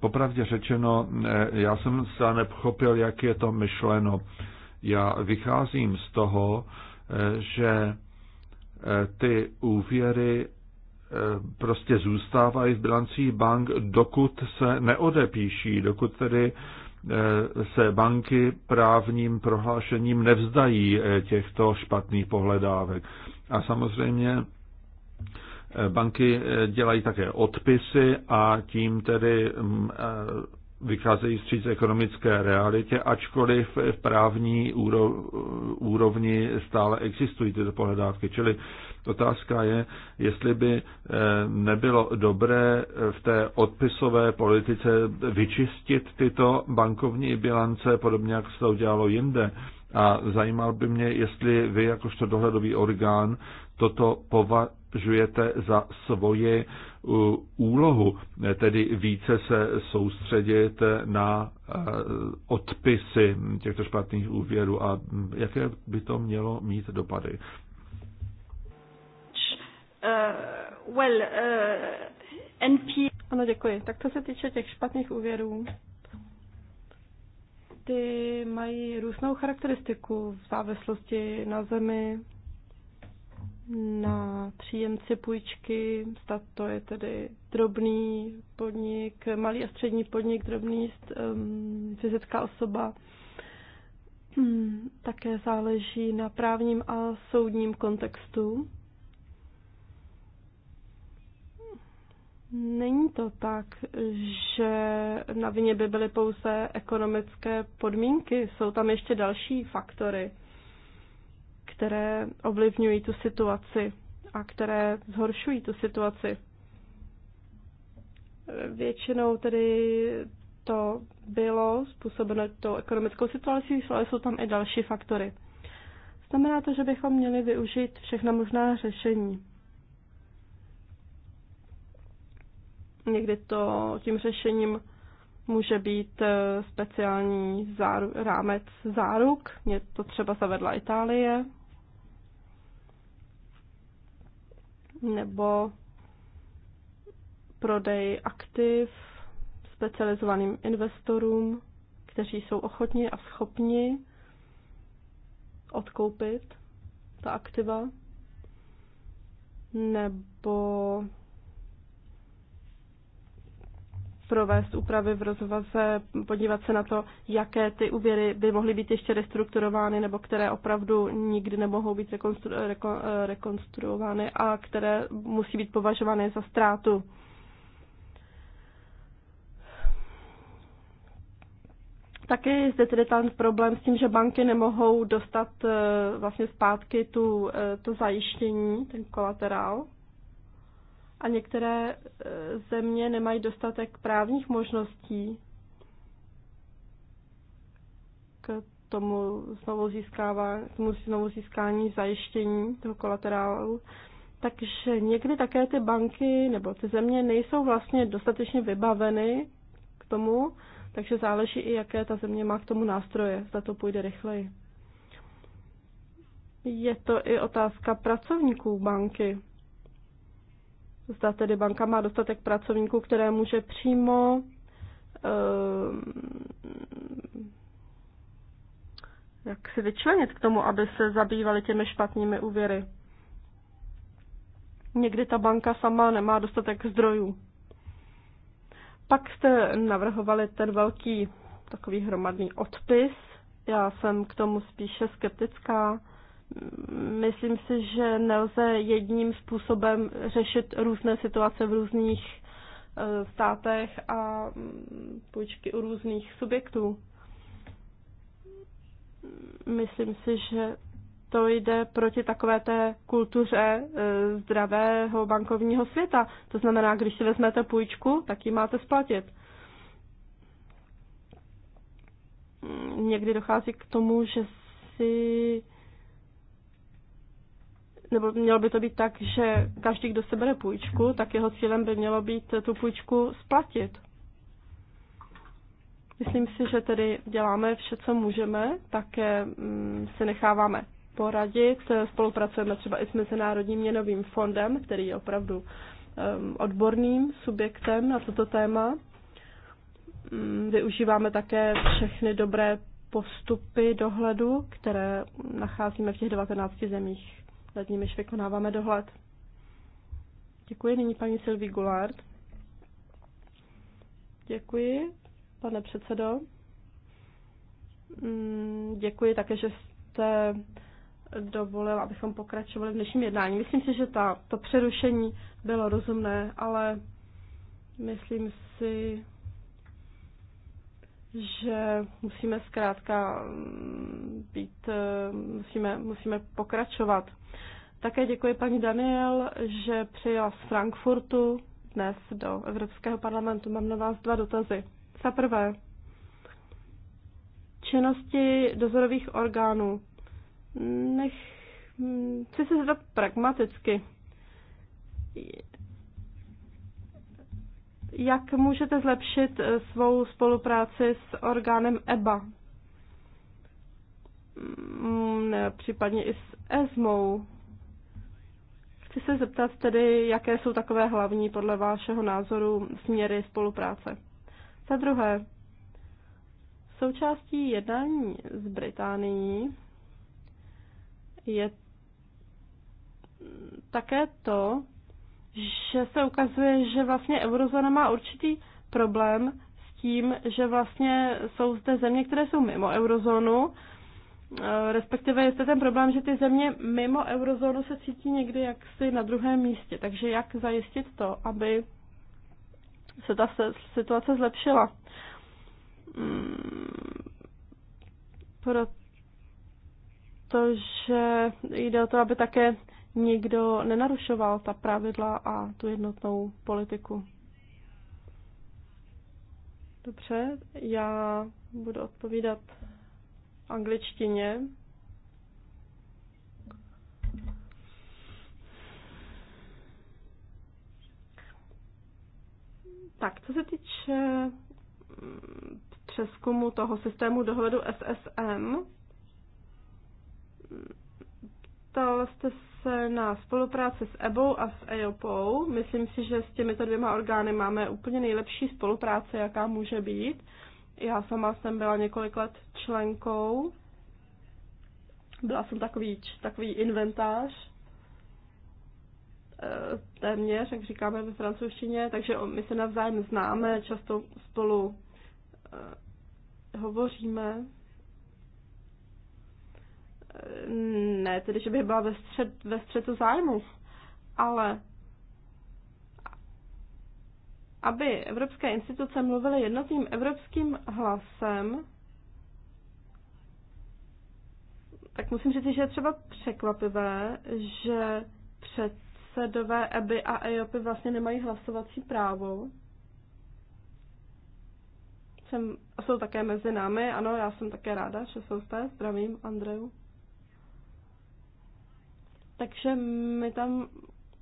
Popravdě řečeno, e, já jsem se nepochopil, jak je to myšleno. Já vycházím z toho, e, že Eh, ty úvěry eh, prostě zůstávají v bilancí bank, dokud se neodepíší, dokud tedy eh, se banky právním prohlášením nevzdají těchto špatných pohledávek. A samozřejmě banky dělají také odpisy a tím tedy mm, vycházejí vstříc ekonomické realitě, ačkoliv v právní úrovni stále existují tyto pohledávky. Čili otázka je, jestli by eh, nebylo dobré v té odpisové politice vyčistit tyto bankovní bilance, podobně jak se to udělalo jinde. A zajímal by mě, jestli vy, jakožto dohledový orgán, toto považujete za svoji Eh, úlohu, eh, tedy více se soustředit na eh, odpisy těchto špatných úvěrů a jaké by to mělo mít dopady? Uh, well, uh, NP... Ano, děkuji. Tak co se týče těch špatných úvěrů, ty mají různou charakteristiku v závislosti na zemi, na příjemci půjčky, Stát to je tedy drobný podnik, malý a střední podnik, drobný um, fyzická osoba. Hmm, také záleží na právním a soudním kontextu. Není to tak, že na vině by byly pouze ekonomické podmínky, jsou tam ještě další faktory které ovlivňují tu situaci a které zhoršují tu situaci. Většinou tedy to bylo způsobeno tou ekonomickou situací, ale jsou tam i další faktory. Znamená to, že bychom měli využít všechna možná řešení. Někdy to tím řešením může být eh, speciální záru, rámec záruk. Mě to třeba zavedla Itálie nebo prodej aktiv specializovaným investorům, kteří jsou ochotni a schopni odkoupit ta aktiva, nebo provést úpravy v rozvaze, podívat se na to, jaké ty úvěry by mohly být ještě restrukturovány nebo které opravdu nikdy nemohou být rekonstru, reko, rekonstruovány a které musí být považovány za ztrátu. Také je zde tedy ten problém s tím, že banky nemohou dostat eh, vlastně zpátky tu, eh, to zajištění, ten kolaterál, a některé e, země nemají dostatek právních možností k tomu znovu, získává, k tomu znovu získání zajištění toho kolaterálu. Takže někdy také ty banky nebo ty země nejsou vlastně dostatečně vybaveny k tomu, takže záleží i, jaké ta země má k tomu nástroje, zda to půjde rychleji. Je to i otázka pracovníků banky. Zda tedy banka má dostatek pracovníků, které může přímo ehm, jak si vyčlenit k tomu, aby se zabývali těmi špatnými úvěry. Někdy ta banka sama nemá dostatek zdrojů. Pak jste navrhovali ten velký takový hromadný odpis. Já jsem k tomu spíše skeptická. Myslím si, že nelze jedním způsobem řešit různé situace v různých eh, státech a mm, půjčky u různých subjektů. Myslím si, že to jde proti takové té kultuře eh, zdravého bankovního světa. To znamená, když si vezmete půjčku, tak ji máte splatit. Někdy dochází k tomu, že si nebo mělo by to být tak, že každý, kdo se bere půjčku, tak jeho cílem by mělo být tu půjčku splatit. Myslím si, že tedy děláme vše, co můžeme, také mm, se necháváme poradit. Spolupracujeme třeba i s Mezinárodním měnovým fondem, který je opravdu odborným subjektem na toto téma. Mm, využíváme také všechny dobré postupy dohledu, které nacházíme v těch 19 zemích nad nimiž vykonáváme dohled. Děkuji nyní paní Silví Gulard. Děkuji, pane předsedo. Mm, děkuji také, že jste dovolil, abychom pokračovali v dnešním jednání. Myslím si, že ta, to přerušení bylo rozumné, ale myslím si, že musíme zkrátka mm, být, eh, musíme, musíme pokračovat. Také děkuji paní Daniel, že přijela z Frankfurtu dnes do Evropského parlamentu. Mám na vás dva dotazy. Za prvé, činnosti dozorových orgánů. Nech, chci se zeptat pragmaticky. Jak můžete zlepšit svou spolupráci s orgánem EBA? Hmm, případně i s ESMou, Chci se zeptat tedy, jaké jsou takové hlavní podle vašeho názoru směry spolupráce. Za druhé, součástí jednání s Británií je také to, že se ukazuje, že vlastně eurozóna má určitý problém s tím, že vlastně jsou zde země, které jsou mimo eurozónu Eh, respektive je to ten problém, že ty země mimo eurozónu se cítí někdy jaksi na druhém místě. Takže jak zajistit to, aby se ta situace zlepšila? Mm, protože jde o to, aby také nikdo nenarušoval ta pravidla a tu jednotnou politiku. Dobře, já budu odpovídat angličtině. Tak, co se týče mm, přeskumu toho systému dohledu SSM, ptal jste se na spolupráci s EBO a s EOPO. Myslím si, že s těmito dvěma orgány máme úplně nejlepší spolupráce, jaká může být. Já sama jsem byla několik let členkou. Byla jsem takový, takový inventář eh, téměř, jak říkáme ve francouzštině, takže my se navzájem známe, často spolu eh, hovoříme. Eh, ne, tedy, že bych byla ve, střed, ve střetu zájmu, ale aby evropské instituce mluvily jednotným evropským hlasem, tak musím říct, že je třeba překvapivé, že předsedové EBY a EOPy vlastně nemají hlasovací právo. Jsem, jsou také mezi námi, ano, já jsem také ráda, že jsou zde, zdravím Andreju. Takže my tam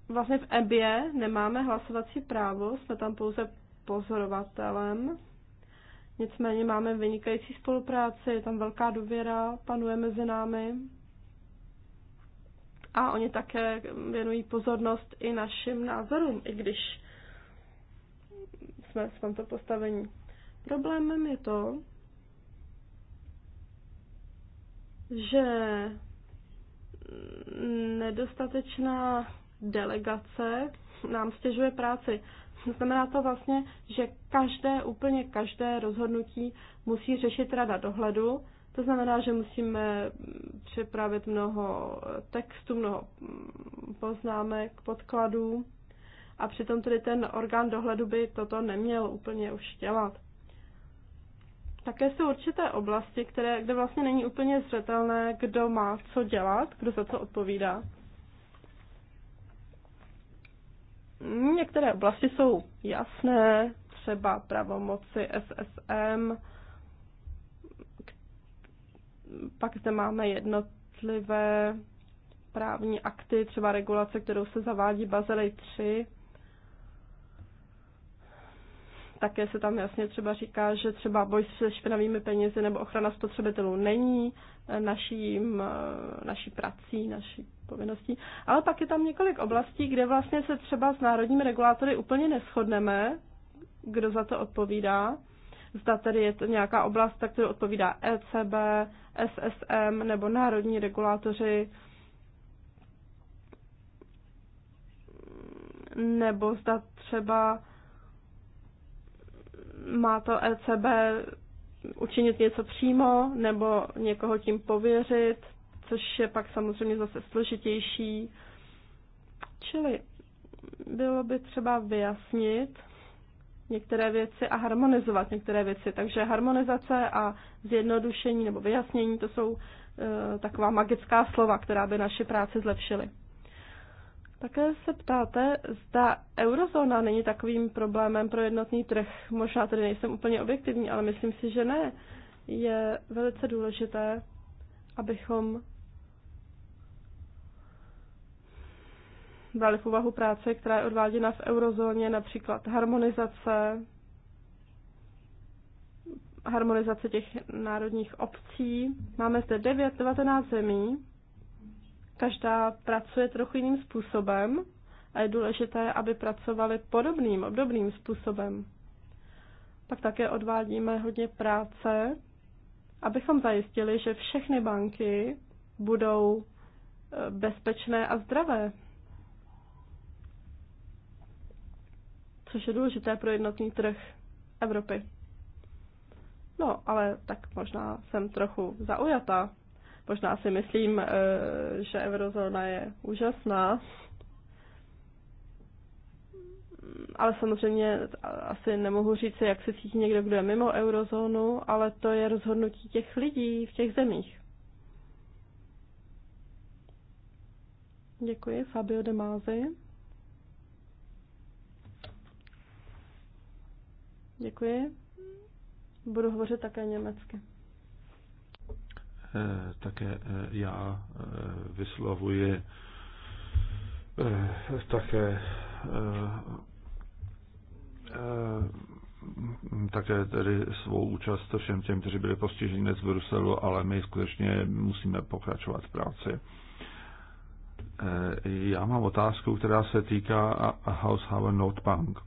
vlastně v EBE nemáme hlasovací právo, jsme tam pouze pozorovatelem. Nicméně máme vynikající spolupráci, je tam velká důvěra, panuje mezi námi. A oni také věnují pozornost i našim názorům, i když jsme v tomto postavení. Problémem je to, že nedostatečná delegace nám stěžuje práci. Znamená to vlastně, že každé, úplně každé rozhodnutí musí řešit rada dohledu. To znamená, že musíme připravit mnoho textů, mnoho poznámek, podkladů a přitom tedy ten orgán dohledu by toto neměl úplně už dělat. Také jsou určité oblasti, které, kde vlastně není úplně zřetelné, kdo má co dělat, kdo za co odpovídá. Některé oblasti jsou jasné, třeba pravomoci SSM, pak zde máme jednotlivé právní akty, třeba regulace, kterou se zavádí Bazelej 3. Také se tam jasně třeba říká, že třeba boj se špinavými penězi nebo ochrana spotřebitelů není eh, naším, eh, naší prací, naší povinností. Ale pak je tam několik oblastí, kde vlastně se třeba s národními regulátory úplně neschodneme, kdo za to odpovídá. Zda tedy je to nějaká oblast, tak kterou odpovídá ECB, SSM nebo národní regulátoři, nebo zda třeba má to ECB učinit něco přímo nebo někoho tím pověřit, což je pak samozřejmě zase složitější. Čili bylo by třeba vyjasnit některé věci a harmonizovat některé věci. Takže harmonizace a zjednodušení nebo vyjasnění to jsou e, taková magická slova, která by naši práci zlepšily. Také se ptáte, zda eurozóna není takovým problémem pro jednotný trh. Možná tedy nejsem úplně objektivní, ale myslím si, že ne. Je velice důležité, abychom brali v úvahu práce, která je odváděna v eurozóně, například harmonizace, harmonizace těch národních obcí. Máme zde 9, 19 zemí, každá pracuje trochu jiným způsobem a je důležité, aby pracovali podobným, obdobným způsobem. Pak také odvádíme hodně práce, abychom zajistili, že všechny banky budou e, bezpečné a zdravé. Což je důležité pro jednotný trh Evropy. No, ale tak možná jsem trochu zaujatá. Možná si myslím, eh, že eurozóna je úžasná, ale samozřejmě asi nemohu říct, jak se cítí někdo, kdo je mimo eurozónu, ale to je rozhodnutí těch lidí v těch zemích. Děkuji, Fabio De Mázy. Děkuji. Budu hovořit také německy. Eh, také eh, já eh, vyslovuji také také tedy svou účast všem těm, kteří byli postiženi dnes v Bruselu, ale my skutečně musíme pokračovat v práci. Já mám otázku, která se týká Haushaven Notebank.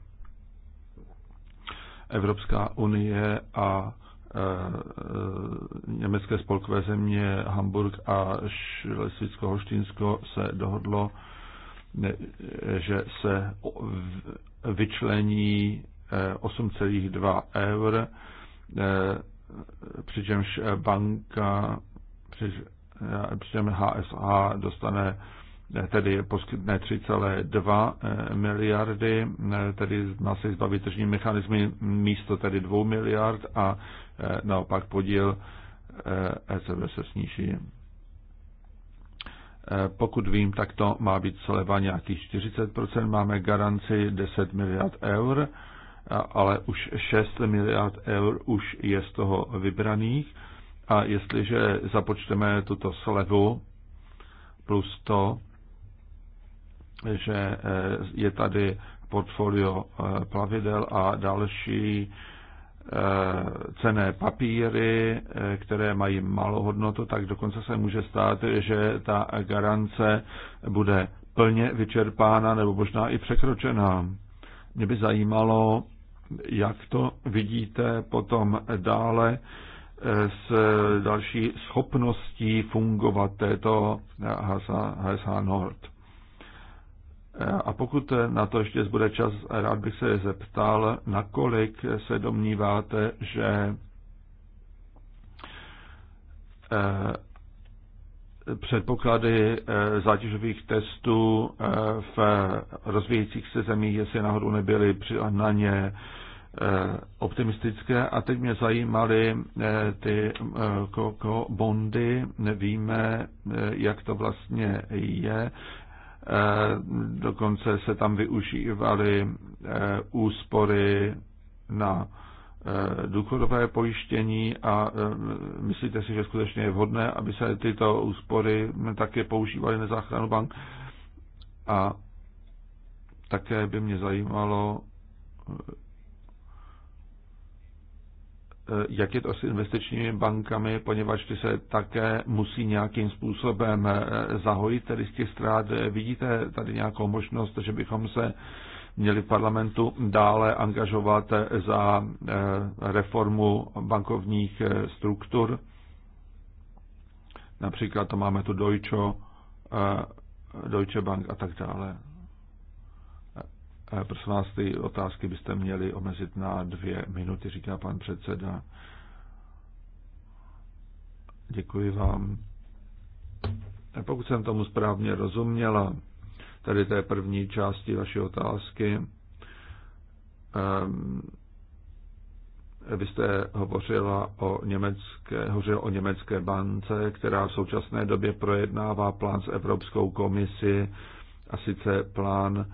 Evropská unie a Eh, eh, německé spolkové země Hamburg a Šlesvicko-Holštínsko se dohodlo, že se vyčlení 8,2 eh, eur, přičemž banka, přičemž HSH dostane tedy poskytne 3,2 miliardy, tedy má se zbavit tržní mechanizmy místo tedy 2 miliard a Eh, naopak podíl ECB eh, e se sníží. Eh, pokud vím, tak to má být sleva nějakých 40%, máme garanci 10 miliard eur, ale už 6 miliard eur už je z toho vybraných. A jestliže započteme tuto slevu plus to, že je tady portfolio plavidel a další Eh, cené papíry, eh, které mají malou hodnotu, tak dokonce se může stát, že ta garance bude plně vyčerpána nebo možná i překročená. Mě by zajímalo, jak to vidíte potom dále eh, s další schopností fungovat této HSH Nord. A pokud na to ještě zbude čas, rád bych se zeptal, nakolik se domníváte, že eh, předpoklady eh, zátěžových testů eh, v rozvíjejících se zemích, jestli náhodou nebyly na ně optimistické. A teď mě zajímaly ty bondy. Nevíme, jak to vlastně je. Eh, dokonce se tam využívaly eh, úspory na eh, důchodové pojištění a myslíte si, že skutečně je vhodné, aby se tyto úspory také používaly na záchranu bank? A také by mě zajímalo, Eh, jak je to s investičními bankami, poněvadž ty se také musí nějakým způsobem eh, zahojit tedy z těch ztrát. Vidíte tady nějakou možnost, že bychom se měli v parlamentu dále angažovat za eh, reformu bankovních struktur. Například to máme tu Deutsche, Deutsche Bank a tak dále. Prosím vás, ty otázky byste měli omezit na dvě minuty, říká pan předseda. Děkuji vám. Pokud jsem tomu správně rozuměla, tady té první části vaší otázky, ehm, vy jste hovořila o německé, hovořila o německé bance, která v současné době projednává plán s Evropskou komisi, a sice plán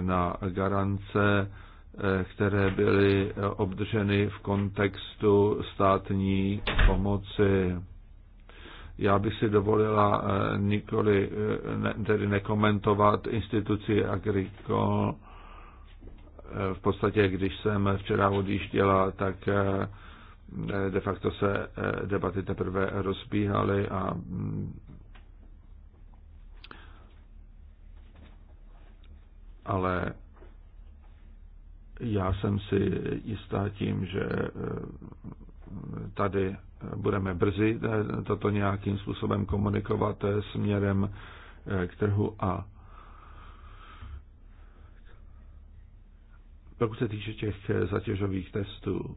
na garance, eh, které byly eh, obdrženy v kontextu státní pomoci. Já bych si dovolila eh, nikoli, ne, tedy nekomentovat instituci Agricol. V podstatě, když jsem včera odjížděla, tak de facto se debaty teprve rozbíhaly a mm, ale já jsem si jistá tím, že eh, tady budeme brzy eh, toto nějakým způsobem komunikovat eh, směrem k trhu a pokud se týče těch zatěžových testů,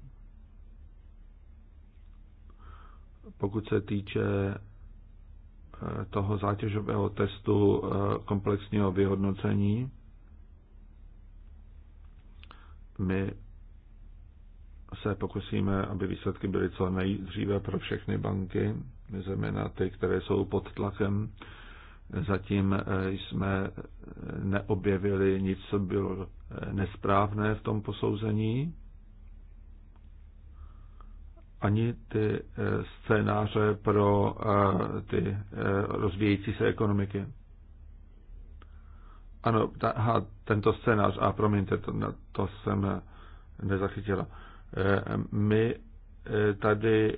pokud se týče toho zátěžového testu komplexního vyhodnocení, my se pokusíme, aby výsledky byly co nejdříve pro všechny banky, zejména ty, které jsou pod tlakem. Zatím eh, jsme eh, neobjevili nic, co bylo eh, nesprávné v tom posouzení. Ani ty scénáře pro ty rozvíjející se ekonomiky. Ano, ta, ha, tento scénář, a promiňte, to, to jsem eh, nezachytila. Eh, my eh, tady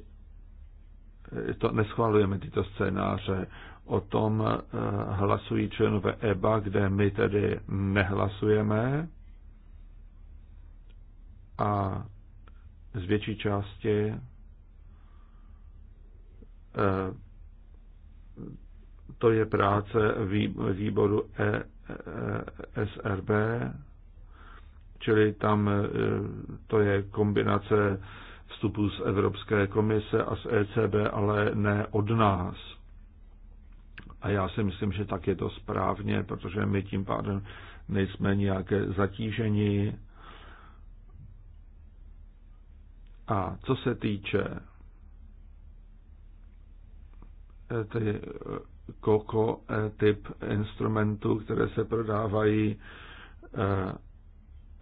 to neschvalujeme, tyto scénáře. O tom hlasují členové EBA, kde my tedy nehlasujeme. A z větší části to je práce výboru e E, SRB, čili tam e, to je kombinace vstupu z Evropské komise a z ECB, ale ne od nás. A já si myslím, že tak je to správně, protože my tím pádem nejsme nějaké zatížení. A co se týče e, ty koko eh, typ instrumentů, které se prodávají eh,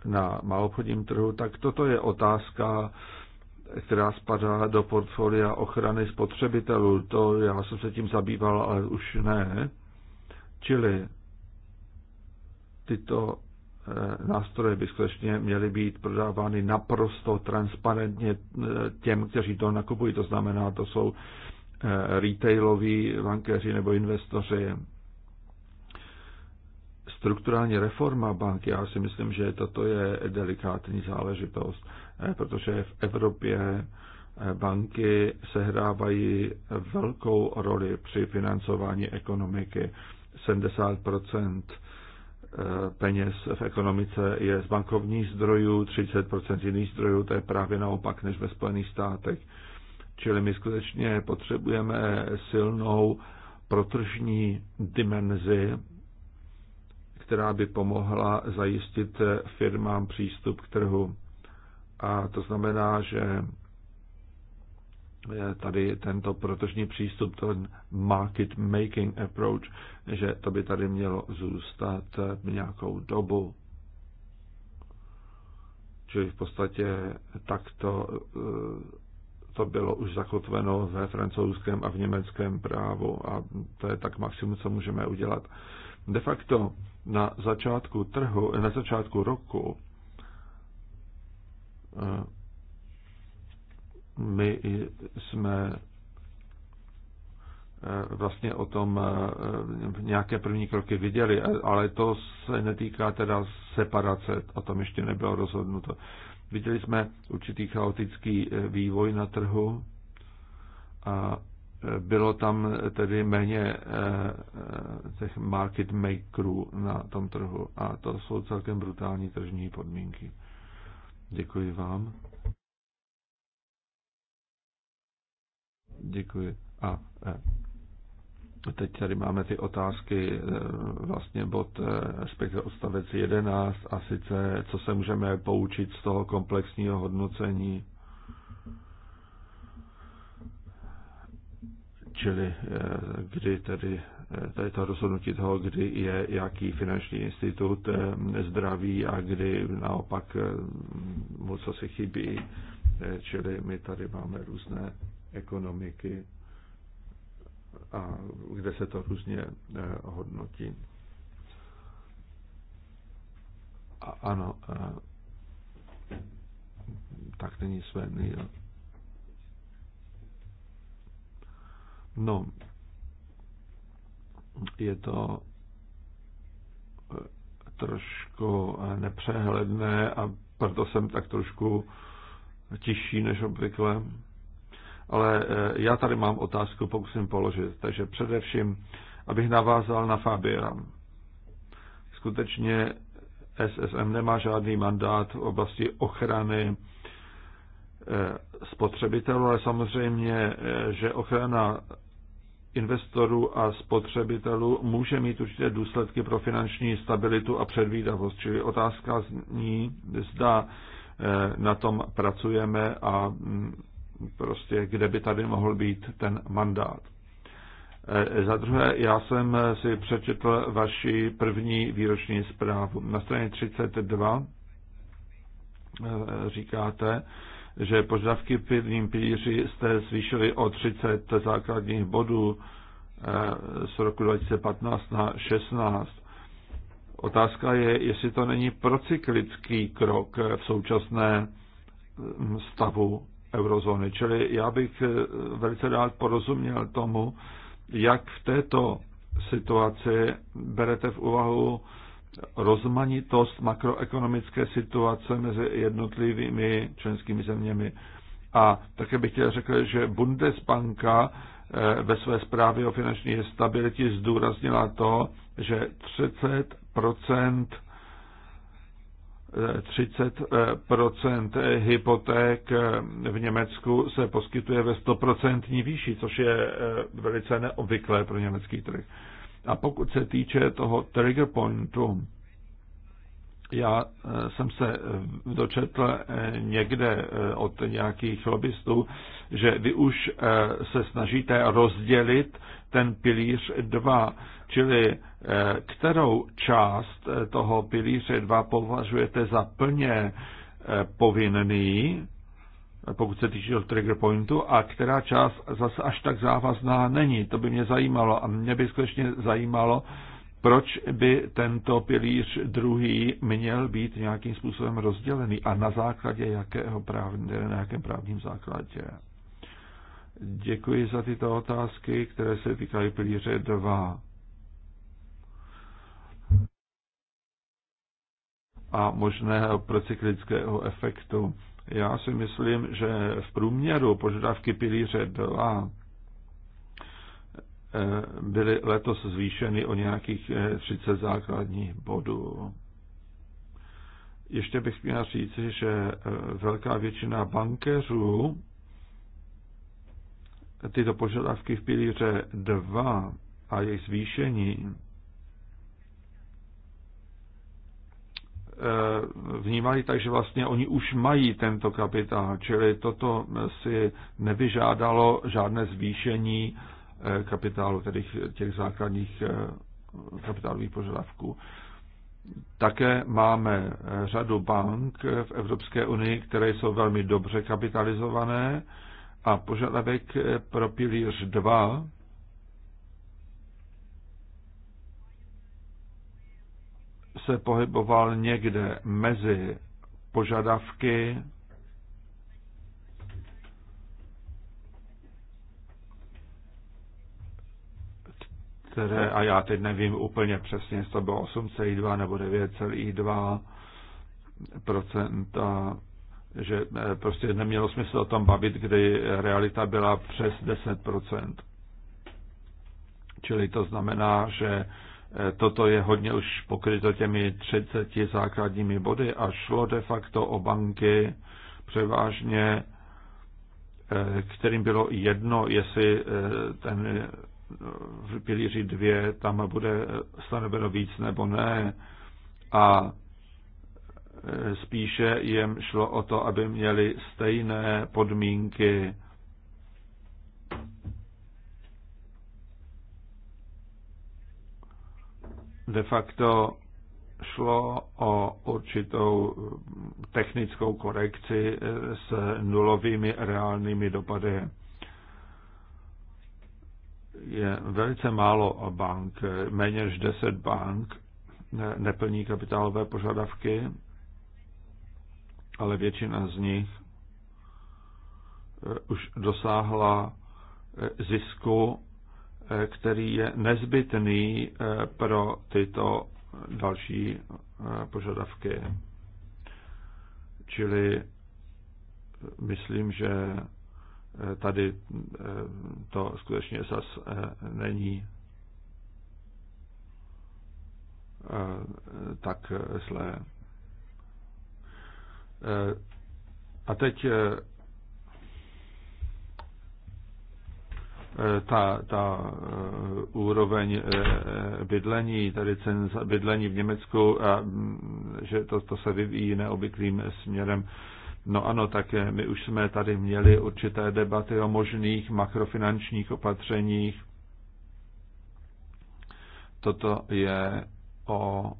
na malobchodním trhu, tak toto je otázka, která spadá do portfolia ochrany spotřebitelů. To já jsem se tím zabýval, ale už ne. Čili tyto eh, nástroje by skutečně měly být prodávány naprosto transparentně těm, kteří to nakupují. To znamená, to jsou Eh, retailoví bankéři nebo investoři. Strukturální reforma banky, já si myslím, že toto je delikátní záležitost, eh, protože v Evropě eh, banky sehrávají velkou roli při financování ekonomiky. 70 peněz v ekonomice je z bankovních zdrojů, 30 z jiných zdrojů, to je právě naopak než ve Spojených státech. Čili my skutečně potřebujeme silnou protržní dimenzi, která by pomohla zajistit firmám přístup k trhu. A to znamená, že tady tento protržní přístup, ten market making approach, že to by tady mělo zůstat nějakou dobu. Čili v podstatě takto to bylo už zakotveno ve francouzském a v německém právu a to je tak maximum, co můžeme udělat. De facto na začátku trhu, na začátku roku eh, my jsme eh, vlastně o tom eh, nějaké první kroky viděli, ale to se netýká teda separace, o tom ještě nebylo rozhodnuto. Viděli jsme určitý chaotický eh, vývoj na trhu a eh, bylo tam tedy méně eh, těch market makerů na tom trhu a to jsou celkem brutální tržní podmínky. Děkuji vám. Děkuji. A, Teď tady máme ty otázky, eh, vlastně bod, eh, respektive odstavec 11, a sice, co se můžeme poučit z toho komplexního hodnocení. Čili eh, kdy tedy tady to rozhodnutí toho, kdy je jaký finanční institut zdravý a kdy naopak mu co si chybí. Čili my tady máme různé ekonomiky a kde se to různě eh, hodnotí. A, ano, a, eh, tak není své nejde. No, je to eh, trošku nepřehledné a proto jsem tak trošku tišší než obvykle ale eh, já tady mám otázku, pokusím položit. Takže především, abych navázal na Fabiera. Skutečně SSM nemá žádný mandát v oblasti ochrany eh, spotřebitelů, ale samozřejmě, eh, že ochrana investorů a spotřebitelů může mít určité důsledky pro finanční stabilitu a předvídavost. Čili otázka zní, zda na tom pracujeme a mm, prostě kde by tady mohl být ten mandát. E, za druhé, já jsem si přečetl vaši první výroční zprávu. Na straně 32 e, říkáte, že požadavky v prvním pilíři jste zvýšili o 30 základních bodů e, z roku 2015 na 16. Otázka je, jestli to není procyklický krok v současné stavu eurozóny. Čili já bych eh, velice rád porozuměl tomu, jak v této situaci berete v úvahu rozmanitost makroekonomické situace mezi jednotlivými členskými zeměmi. A také bych chtěl řekl, že Bundesbanka eh, ve své zprávě o finanční stabilitě zdůraznila to, že 30 30 eh, eh, hypoték eh, v Německu se poskytuje ve 100 výši, což je velice neobvyklé pro německý trh. A pokud se týče toho trigger pointu, já jsem se dočetl někde od nějakých lobbystů, že vy už se snažíte rozdělit ten pilíř 2 Čili eh, kterou část eh, toho pilíře 2 považujete za plně eh, povinný, pokud se týče trigger pointu, a která část zase až tak závazná není. To by mě zajímalo a mě by skutečně zajímalo, proč by tento pilíř druhý měl být nějakým způsobem rozdělený a na základě jakého právní, na jakém právním základě. Děkuji za tyto otázky, které se týkají pilíře 2. a možného procyklického efektu. Já si myslím, že v průměru požadavky pilíře 2 eh, byly letos zvýšeny o nějakých 30 eh, základních bodů. Ještě bych měl říci, že eh, velká většina bankéřů tyto požadavky v pilíře 2 a jejich zvýšení Eh, vnímali tak, že vlastně oni už mají tento kapitál, čili toto si nevyžádalo žádné zvýšení eh, kapitálu, tedy těch základních eh, kapitálových požadavků. Také máme řadu bank v Evropské unii, které jsou velmi dobře kapitalizované a požadavek pro pilíř 2 se pohyboval někde mezi požadavky které, a já teď nevím úplně přesně, jestli to bylo 8,2 nebo 9,2 že eh, prostě nemělo smysl o tom bavit, kdy realita byla přes 10 Čili to znamená, že Toto je hodně už pokryto těmi 30 základními body a šlo de facto o banky převážně, eh, kterým bylo jedno, jestli eh, ten v eh, pilíři dvě tam bude stanoveno víc nebo ne. A spíše jim šlo o to, aby měli stejné podmínky de facto šlo o určitou technickou korekci s nulovými reálnými dopady. Je velice málo bank, méně než 10 bank neplní kapitálové požadavky, ale většina z nich eh, už dosáhla eh, zisku který je nezbytný eh, pro tyto další eh, požadavky. Čili eh, myslím, že tady to skutečně zas není tak zlé. A teď ta, ta eh, úroveň eh, bydlení, tady cen za bydlení v Německu, a, mm, že to, to se vyvíjí neobvyklým směrem. No ano, tak eh, my už jsme tady měli určité debaty o možných makrofinančních opatřeních. Toto je o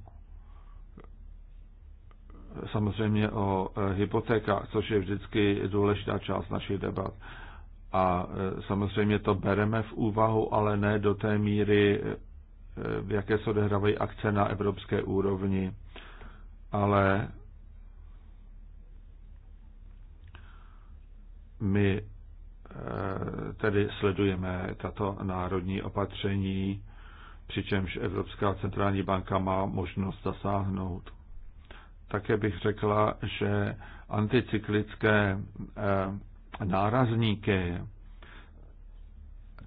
samozřejmě o hypotékách, což je vždycky důležitá část našich debat. A e, samozřejmě to bereme v úvahu, ale ne do té míry, e, v jaké se odehrávají akce na evropské úrovni. Ale my e, tedy sledujeme tato národní opatření, přičemž Evropská centrální banka má možnost zasáhnout. Také bych řekla, že anticyklické nárazníky,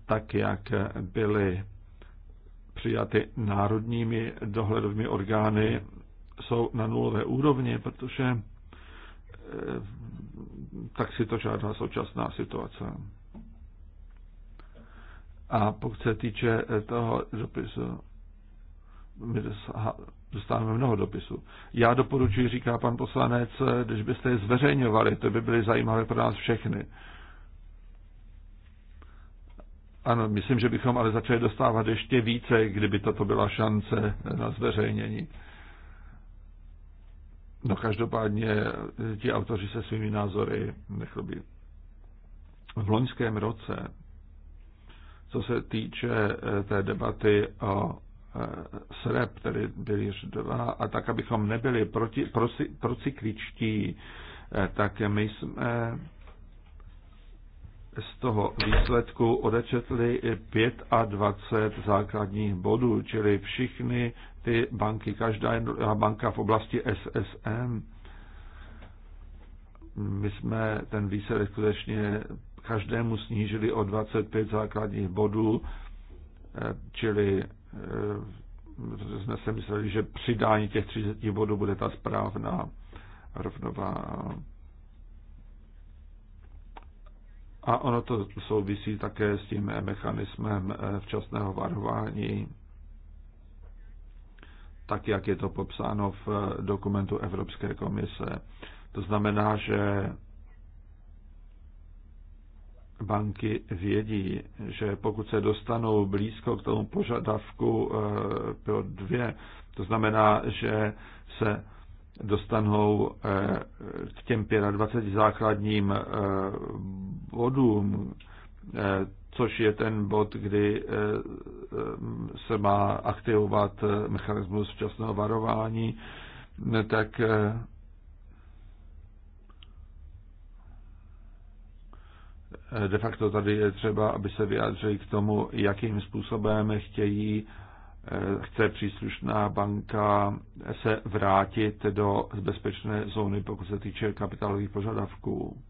tak jak byly přijaty národními dohledovými orgány, jsou na nulové úrovni, protože eh, tak si to žádá současná situace. A pokud se týče toho dopisu, dostáváme mnoho dopisů. Já doporučuji, říká pan poslanec, když byste je zveřejňovali, to by byly zajímavé pro nás všechny. Ano, myslím, že bychom ale začali dostávat ještě více, kdyby toto byla šance na zveřejnění. No každopádně ti autoři se svými názory nechlubí. V loňském roce, co se týče eh, té debaty o Eh, SREP, tedy pilíř 2, a tak, abychom nebyli proti, prosi, procykličtí, eh, tak my jsme z toho výsledku odečetli 25 základních bodů, čili všichni ty banky, každá jedna banka v oblasti SSM, my jsme ten výsledek skutečně každému snížili o 25 základních bodů, eh, čili Eh, jsme se mysleli, že přidání těch 30 bodů bude ta správná rovnová. A ono to souvisí také s tím mechanismem eh, včasného varování, tak jak je to popsáno v dokumentu Evropské komise. To znamená, že banky vědí, že pokud se dostanou blízko k tomu požadavku eh, pro dvě, to znamená, že se dostanou eh, k těm 25 základním eh, bodům, což je ten bod, kdy se má aktivovat mechanismus včasného varování, tak De facto tady je třeba, aby se vyjádřili k tomu, jakým způsobem chtějí, eh, chce příslušná banka se vrátit do bezpečné zóny, pokud se týče kapitálových požadavků.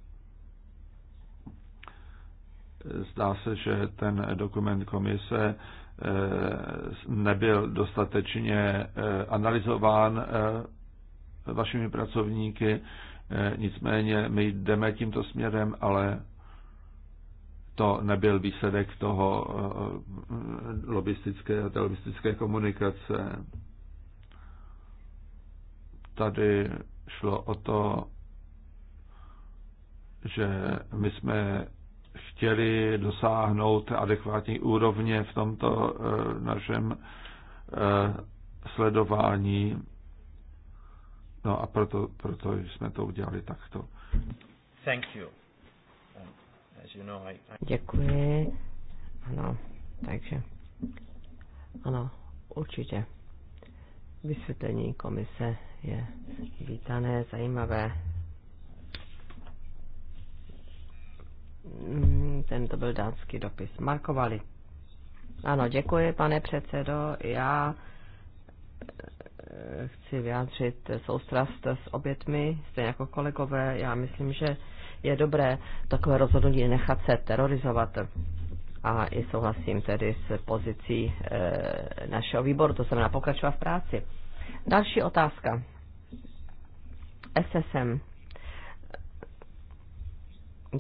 Zdá se, že ten dokument komise eh, nebyl dostatečně eh, analyzován vašimi pracovníky, nicméně my jdeme tímto směrem, ale to nebyl výsledek toho eh, lobistické, a teologistické komunikace. Tady šlo o to, že my jsme chtěli dosáhnout adekvátní úrovně v tomto eh, našem eh, sledování. No a proto, proto jsme to udělali takto. Thank you. Děkuji. Ano, takže. Ano, určitě. Vysvětlení komise je vítané, zajímavé. Mm, tento byl dánský dopis. Markovali. Ano, děkuji, pane předsedo. Já eh, chci vyjádřit soustrast s obětmi, stejně jako kolegové. Já myslím, že je dobré takové rozhodnutí nechat se terorizovat. A i souhlasím tedy s pozicí e, našeho výboru, to znamená pokračovat v práci. Další otázka. SSM.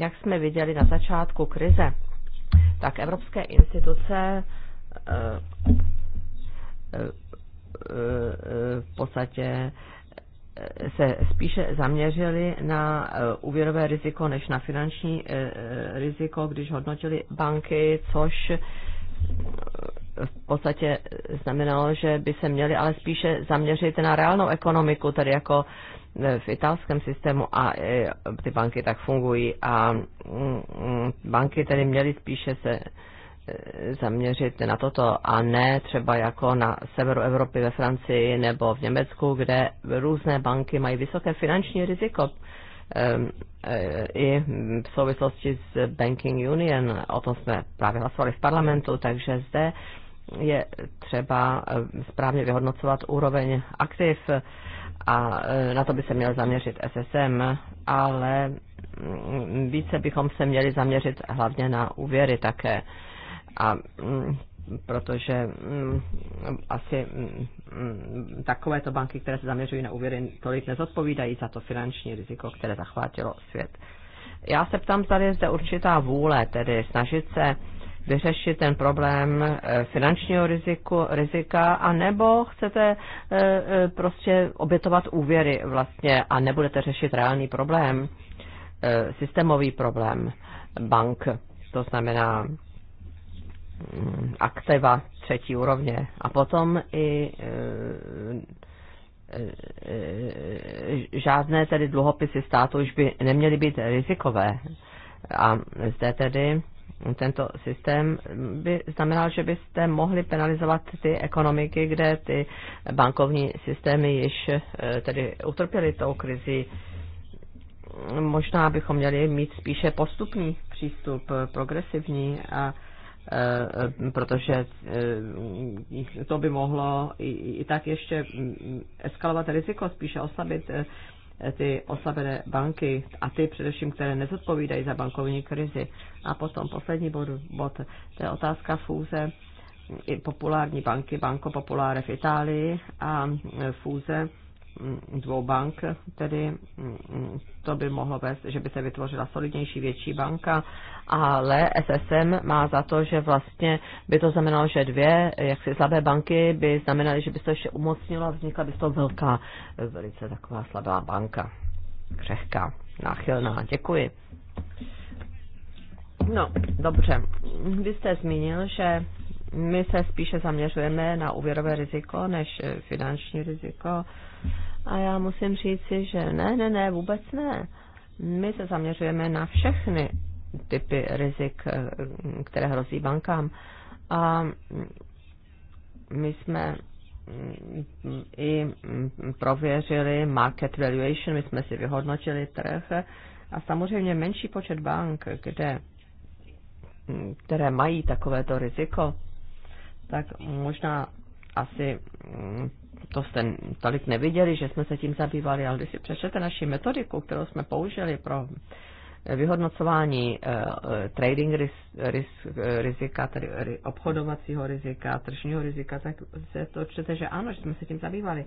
Jak jsme viděli na začátku krize, tak evropské instituce e, e, e, v podstatě se spíše zaměřili na eh, úvěrové riziko než na finanční eh, eh, riziko, když hodnotili banky, což v podstatě znamenalo, že by se měli ale spíše zaměřit na reálnou ekonomiku, tedy jako v italském systému a ty banky tak fungují a mm, mm, banky tedy měly spíše se zaměřit na toto a ne třeba jako na severu Evropy ve Francii nebo v Německu, kde různé banky mají vysoké finanční riziko um, eh, i v souvislosti s Banking Union, o tom jsme právě hlasovali v parlamentu, takže zde je třeba eh, správně vyhodnocovat úroveň aktiv a eh, na to by se měl zaměřit SSM, ale mm, více bychom se měli zaměřit hlavně na úvěry také a mm, protože mm, asi mm, takovéto banky, které se zaměřují na úvěry, tolik nezodpovídají za to finanční riziko, které zachvátilo svět. Já se ptám, zda je zde určitá vůle, tedy snažit se vyřešit ten problém eh, finančního riziku, rizika, nebo chcete eh, eh, prostě obětovat úvěry vlastně a nebudete řešit reálný problém, systémový problém bank. To znamená, Eh, aktiva třetí úrovně. A potom i eh, eh, žádné tedy dluhopisy státu už by neměly být rizikové. A zde tedy tento systém by znamenal, že byste mohli penalizovat ty ekonomiky, kde ty bankovní systémy již tedy utrpěly tou krizi. Možná bychom měli mít spíše postupný přístup, progresivní a protože eh, to by mohlo i tak ještě eskalovat riziko, spíše oslabit eh, ty oslabené banky a ty především, které nezodpovídají za bankovní krizi. A potom poslední bod, bod to je otázka fůze i populární banky, Banko Populare v Itálii a fůze dvou bank, tedy mm, to by mohlo vést, že by se vytvořila solidnější, větší banka, ale SSM má za to, že vlastně by to znamenalo, že dvě jaksi slabé banky by znamenaly, že by se ještě umocnilo a vznikla by z toho velká, velice taková slabá banka. Křehká, náchylná. Děkuji. No, dobře. Vy jste zmínil, že my se spíše zaměřujeme na úvěrové riziko než finanční riziko. A já musím říci, že ne, ne, ne, vůbec ne. My se zaměřujeme na všechny typy rizik, které hrozí bankám. A my jsme i prověřili market valuation, my jsme si vyhodnotili trh a samozřejmě menší počet bank, kde, které mají takovéto riziko, tak možná asi mm, to jste tolik neviděli, že jsme se tím zabývali, ale když si přečtete naši metodiku, kterou jsme použili pro vyhodnocování eh, eh, trading riz, riz, eh, rizika, tedy obchodovacího rizika, tržního rizika, tak se to čtete, že ano, že jsme se tím zabývali.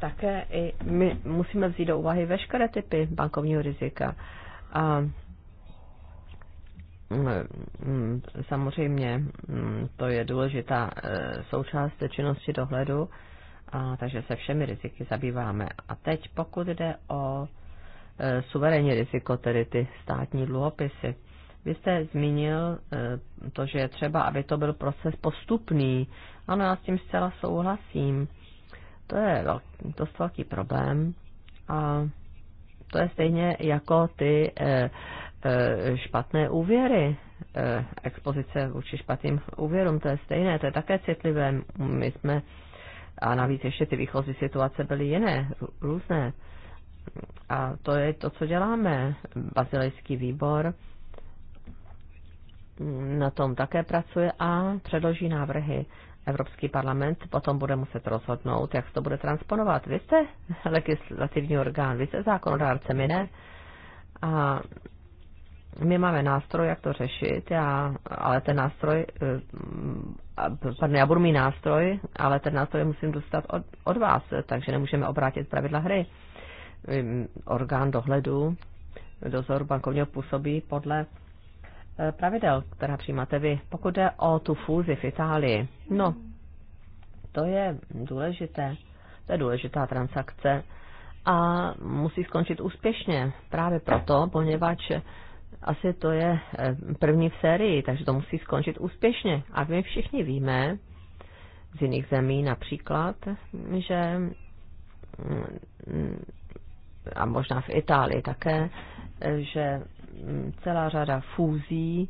Také i my musíme vzít do úvahy veškeré typy bankovního rizika. Uh, Mm, mm, samozřejmě mm, to je důležitá eh, součást činnosti dohledu, a takže se všemi riziky zabýváme. A teď pokud jde o eh, suverénní riziko, tedy ty státní dluhopisy, vy jste zmínil eh, to, že je třeba, aby to byl proces postupný. Ano, já s tím zcela souhlasím. To je velký, dost velký problém. A to je stejně jako ty eh, Eh, špatné úvěry, eh, expozice vůči špatným úvěrům, to je stejné, to je také citlivé. My jsme, a navíc ještě ty výchozí situace byly jiné, různé. A to je to, co děláme. Bazilejský výbor na tom také pracuje a předloží návrhy. Evropský parlament potom bude muset rozhodnout, jak to bude transponovat. Vy jste legislativní orgán, vy jste zákonodárce, my ne. A my máme nástroj, jak to řešit, já, ale ten nástroj, eh, pardon, já budu mít nástroj, ale ten nástroj musím dostat od, od vás, takže nemůžeme obrátit pravidla hry. Orgán dohledu, dozor bankovního působí podle eh, pravidel, která přijímáte vy. Pokud jde o tu fúzi v Itálii, no, to je důležité, to je důležitá transakce a musí skončit úspěšně právě proto, poněvadž asi to je eh, první v sérii, takže to musí skončit úspěšně. A my všichni víme, z jiných zemí například, že mm, a možná v Itálii také, eh, že mm, celá řada fúzí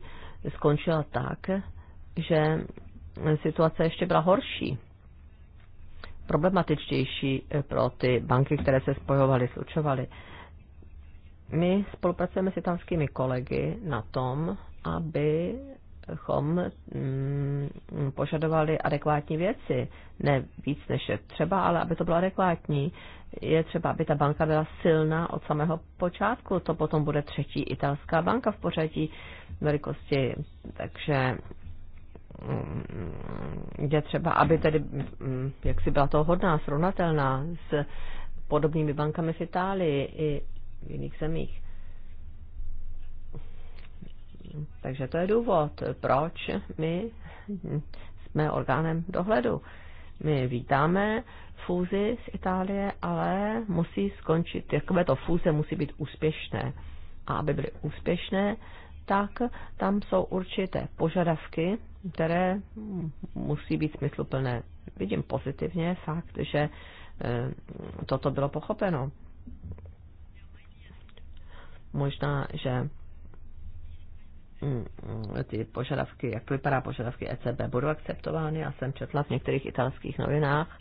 skončila tak, že situace ještě byla horší, problematičtější eh, pro ty banky, které se spojovaly, slučovaly. My spolupracujeme s italskými kolegy na tom, abychom mm, požadovali adekvátní věci. Ne víc, než je třeba, ale aby to bylo adekvátní. Je třeba, aby ta banka byla silná od samého počátku. To potom bude třetí italská banka v pořadí velikosti. Takže mm, je třeba, aby tedy, mm, jak si byla to hodná, srovnatelná s podobnými bankami v Itálii. I v jiných zemích. Takže to je důvod, proč my jsme orgánem dohledu. My vítáme fúzi z Itálie, ale musí skončit, to fúze musí být úspěšné. A aby byly úspěšné, tak tam jsou určité požadavky, které musí být smysluplné. Vidím pozitivně fakt, že eh, toto bylo pochopeno. Možná, že mm, mm, ty požadavky, jak vypadá požadavky ECB, budou akceptovány. Já jsem četla v některých italských novinách,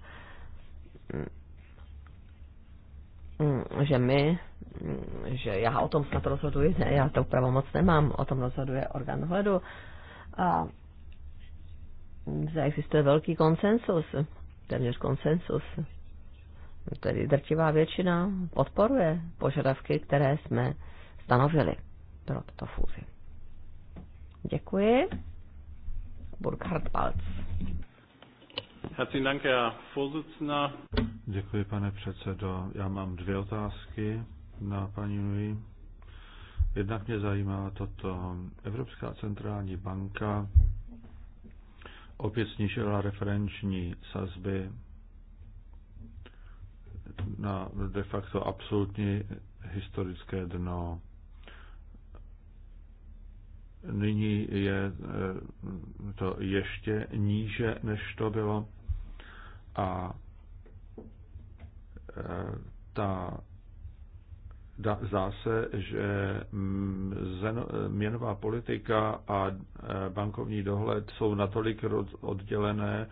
mm, že my, že já o tom snad rozhoduji, ne, já to pravomoc nemám, o tom rozhoduje orgán dohledu. A existuje velký konsensus, téměř konsensus, tedy drtivá většina podporuje požadavky, které jsme stanovili pro tuto fúzi. Děkuji. Burkhard Palc. Děkuji, pane předsedo. Já mám dvě otázky na paní Nui. Jednak mě zajímá toto. Evropská centrální banka opět snížila referenční sazby na de facto absolutní historické dno. Nyní je eh, to ještě níže, než to bylo. A eh, ta zdá se, že mm, eh, měnová politika a bankovní dohled jsou natolik oddělené,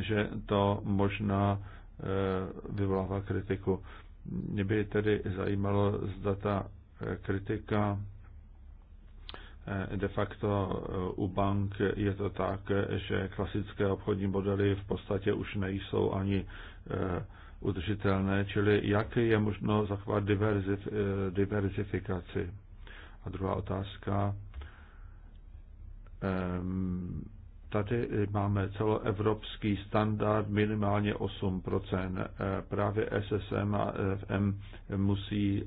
že to možná vyvolává kritiku. Mě by tedy zajímalo, zda ta kritika De facto eh, u bank je to tak, že klasické obchodní modely v podstatě už nejsou ani eh, udržitelné, čili jak je možno zachovat eh, diverzifikaci. A druhá otázka. Ehm, tady máme celoevropský standard minimálně 8%. Právě SSM a FM musí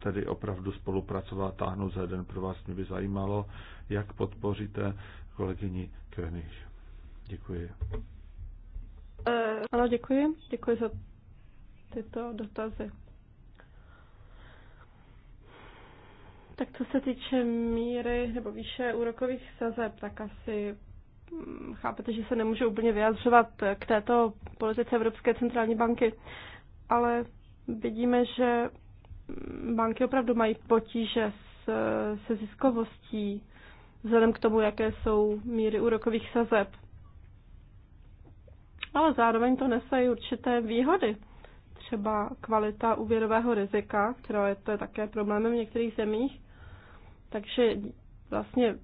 tedy opravdu spolupracovat, táhnout za jeden pro vás. Mě by zajímalo, jak podpoříte kolegyni König. Děkuji. Ano, děkuji. Děkuji za tyto dotazy. Tak co se týče míry nebo výše úrokových sazeb, tak asi mm, chápete, že se nemůžu úplně vyjadřovat k této politice Evropské centrální banky, ale vidíme, že banky opravdu mají potíže s, se ziskovostí, vzhledem k tomu, jaké jsou míry úrokových sazeb. Ale zároveň to nese i určité výhody. Třeba kvalita úvěrového rizika, které je to je také problémem v některých zemích. Takže vlastně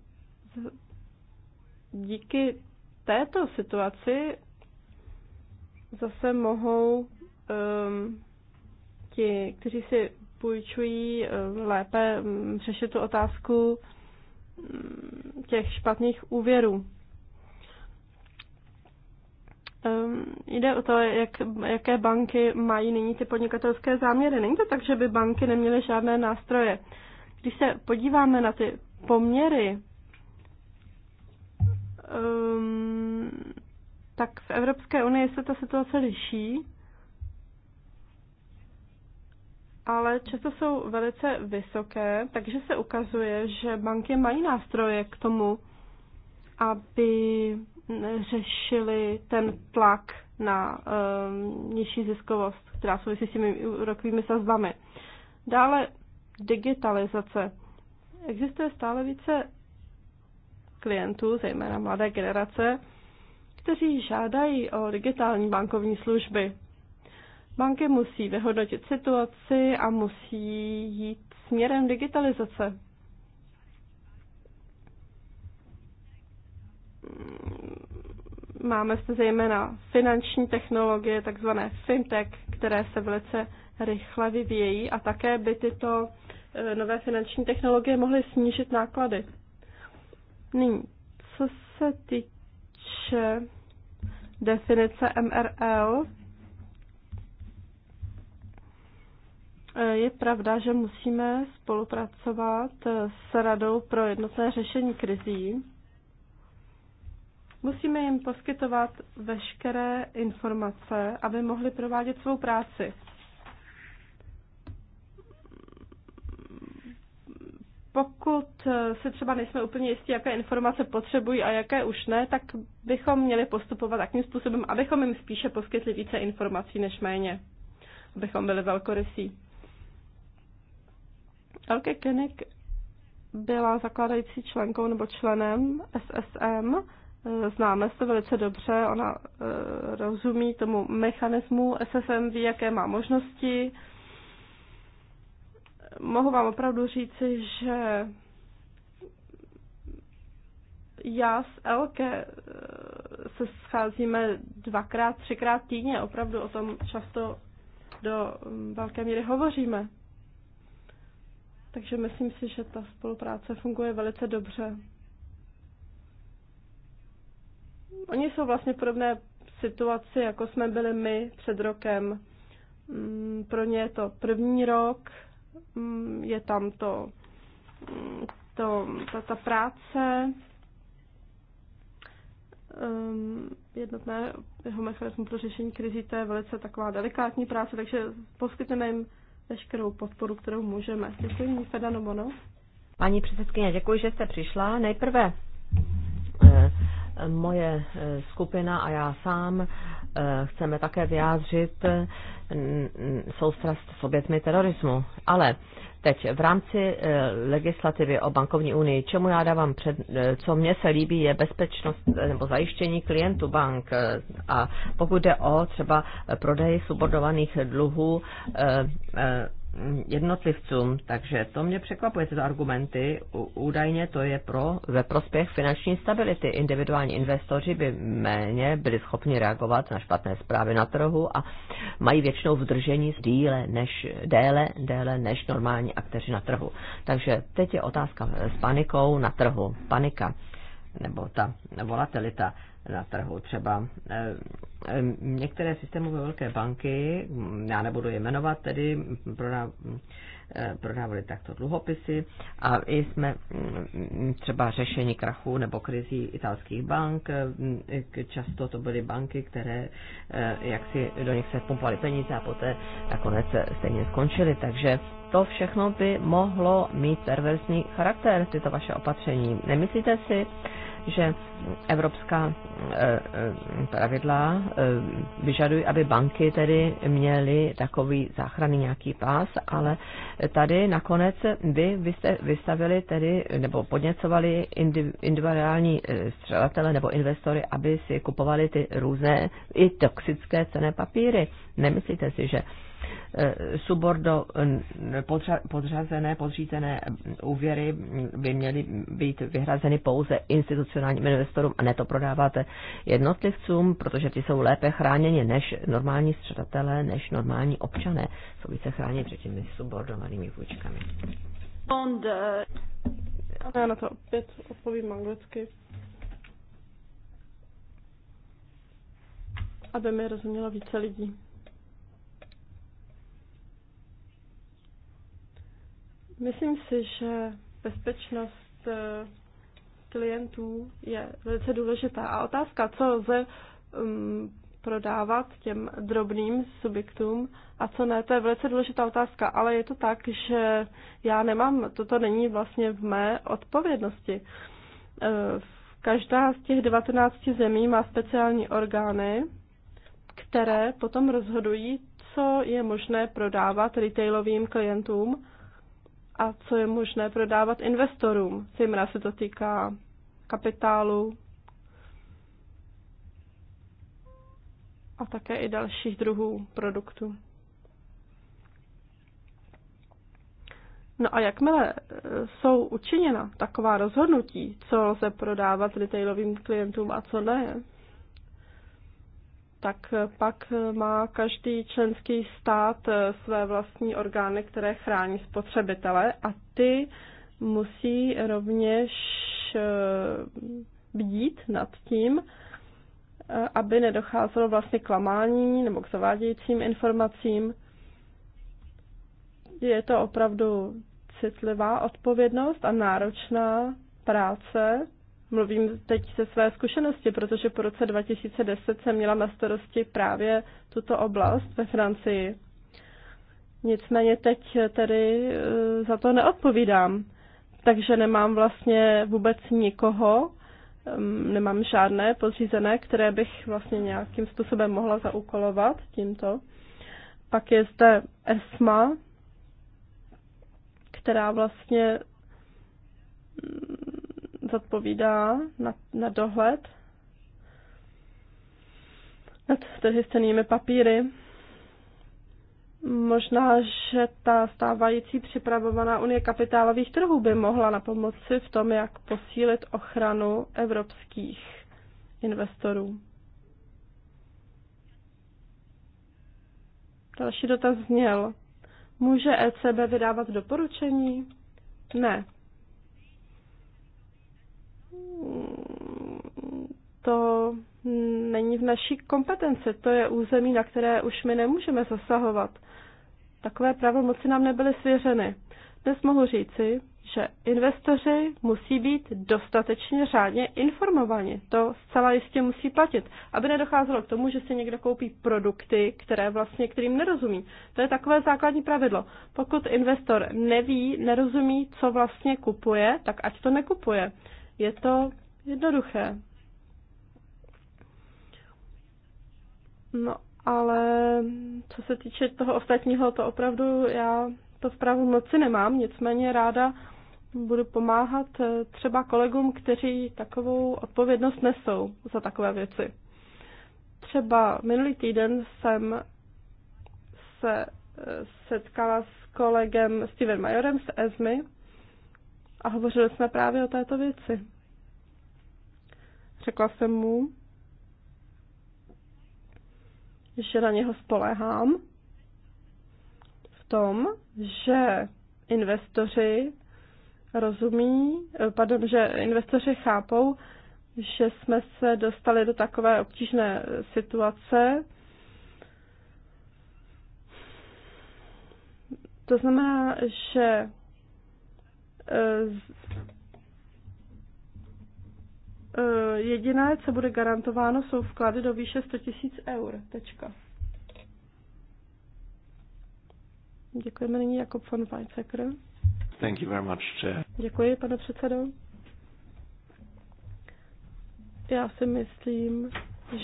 díky této situaci zase mohou um, ti, kteří si půjčují eh, lépe mm, řešit tu otázku mm, těch špatných úvěrů. Ehm, jde o to, jak, jaké banky mají nyní ty podnikatelské záměry. Není to tak, že by banky neměly žádné nástroje. Když se podíváme na ty poměry, um, tak v Evropské unii se ta situace liší. ale často jsou velice vysoké, takže se ukazuje, že banky mají nástroje k tomu, aby řešili ten tlak na um, nižší ziskovost, která souvisí s těmi úrokovými sazbami. Dále digitalizace. Existuje stále více klientů, zejména mladé generace, kteří žádají o digitální bankovní služby. Banky musí vyhodnotit situaci a musí jít směrem digitalizace. Máme zde zejména finanční technologie, takzvané fintech, které se velice rychle vyvíjejí a také by tyto eh, nové finanční technologie mohly snížit náklady. Nyní, co se týče definice MRL, Je pravda, že musíme spolupracovat s Radou pro jednotné řešení krizí. Musíme jim poskytovat veškeré informace, aby mohli provádět svou práci. pokud se třeba nejsme úplně jistí, jaké informace potřebují a jaké už ne, tak bychom měli postupovat takým způsobem, abychom jim spíše poskytli více informací než méně, abychom byli velkorysí. Elke Kenick byla zakládající členkou nebo členem SSM. Známe se velice dobře, ona eh, rozumí tomu mechanismu SSM, ví, jaké má možnosti. Mohu vám opravdu říci, že já s Elke eh, se scházíme dvakrát, třikrát týdně, opravdu o tom často do mm, velké míry hovoříme. Takže myslím si, že ta spolupráce funguje velice dobře. Oni jsou vlastně v podobné situaci, jako jsme byli my před rokem. Mm, pro ně je to první rok, mm, je tam to, mm, to ta, ta práce, ehm, jednotného mechanismu pro řešení krizí, to je velice taková delikátní práce, takže poskytneme jim veškerou podporu, kterou můžeme. Děkuji, Feda Nobono. Paní předsedkyně, děkuji, že jste přišla. Nejprve eh, moje eh, skupina a já sám eh, chceme také vyjádřit soustrast s obětmi terorismu. Ale Teď v rámci eh, legislativy o bankovní unii, čemu já dávám před, eh, co mně se líbí, je bezpečnost eh, nebo zajištění klientů bank. A pokud jde o třeba prodej subordovaných dluhů, jednotlivcům. Takže to mě překvapuje, tyto argumenty. Údajně to je pro ve prospěch finanční stability. Individuální investoři by méně byli schopni reagovat na špatné zprávy na trhu a mají většinou vdržení díle než, déle, déle než normální akteři na trhu. Takže teď je otázka s panikou na trhu. Panika nebo ta volatilita na trhu. Třeba eh, eh, některé systémové velké banky, mm, já nebudu je jmenovat, tedy prodávali eh, takto dluhopisy a i jsme mm, třeba řešení krachu nebo krizí italských bank, často to byly banky, které jak si do nich se pumpovaly peníze a poté nakonec stejně skončily, takže to všechno by mohlo mít perverzní charakter, tyto vaše opatření. Nemyslíte si, že evropská eh, eh, pravidla eh, vyžadují, aby banky tedy měly takový záchranný nějaký pás, ale tady nakonec vy, vy jste vystavili tedy, nebo podněcovali individuální střelatele nebo investory, aby si kupovali ty různé i toxické cené papíry. Nemyslíte si, že Eh, subordo, eh, podřa, podřazené, podřízené eh, úvěry by měly být vyhrazeny pouze institucionálním investorům a ne to prodáváte jednotlivcům, protože ty jsou lépe chráněni než normální střadatelé, než normální občané. Jsou více chráněni před těmi subordovanými půjčkami. And, uh... Já na to opět odpovím anglicky. Aby mi rozumělo více lidí. Myslím si, že bezpečnost eh, klientů je velice důležitá. A otázka, co lze um, prodávat těm drobným subjektům a co ne, to je velice důležitá otázka, ale je to tak, že já nemám, toto není vlastně v mé odpovědnosti. Eh, každá z těch 19 zemí má speciální orgány, které potom rozhodují, co je možné prodávat retailovým klientům a co je možné prodávat investorům. Zejména se to týká kapitálu a také i dalších druhů produktů. No a jakmile e, jsou učiněna taková rozhodnutí, co lze prodávat retailovým klientům a co ne, tak pak má každý členský stát eh, své vlastní orgány, které chrání spotřebitele a ty musí rovněž eh, bdít nad tím, eh, aby nedocházelo vlastně k klamání nebo k zavádějícím informacím. Je to opravdu citlivá odpovědnost a náročná práce. Mluvím teď se své zkušenosti, protože po roce 2010 jsem měla na starosti právě tuto oblast ve Francii. Nicméně teď tedy eh, za to neodpovídám, takže nemám vlastně vůbec nikoho, mm, nemám žádné podřízené, které bych vlastně nějakým způsobem mohla zaúkolovat tímto. Pak je zde ESMA, která vlastně mm, zodpovídá na, na dohled nad trhy cenými papíry. Možná, že ta stávající připravovaná unie kapitálových trhů by mohla na pomoci v tom, jak posílit ochranu evropských investorů. Další dotaz zněl. Může ECB vydávat doporučení? Ne, to není v naší kompetenci, to je území, na které už my nemůžeme zasahovat. Takové pravomoci nám nebyly svěřeny. Dnes mohu říci, že investoři musí být dostatečně řádně informovaní. To zcela jistě musí platit, aby nedocházelo k tomu, že si někdo koupí produkty, které vlastně kterým nerozumí. To je takové základní pravidlo. Pokud investor neví, nerozumí, co vlastně kupuje, tak ať to nekupuje. Je to jednoduché. No ale co se týče toho ostatního, to opravdu já to v pravomoci nemám, nicméně ráda budu pomáhat eh, třeba kolegům, kteří takovou odpovědnost nesou za takové věci. Třeba minulý týden jsem se eh, setkala s kolegem Steven Majorem z ESMY, a hovořili jsme právě o této věci. Řekla jsem mu, že na něho spolehám v tom, že investoři rozumí, pardon, že investoři chápou, že jsme se dostali do takové obtížné situace. To znamená, že Eh, eh, jediné, co bude garantováno, jsou vklady do výše 100 000 eur. Tečka. Děkujeme nyní Jakob von Weizsäcker. Thank you very much, Chair. Děkuji, pane předsedo. Já si myslím,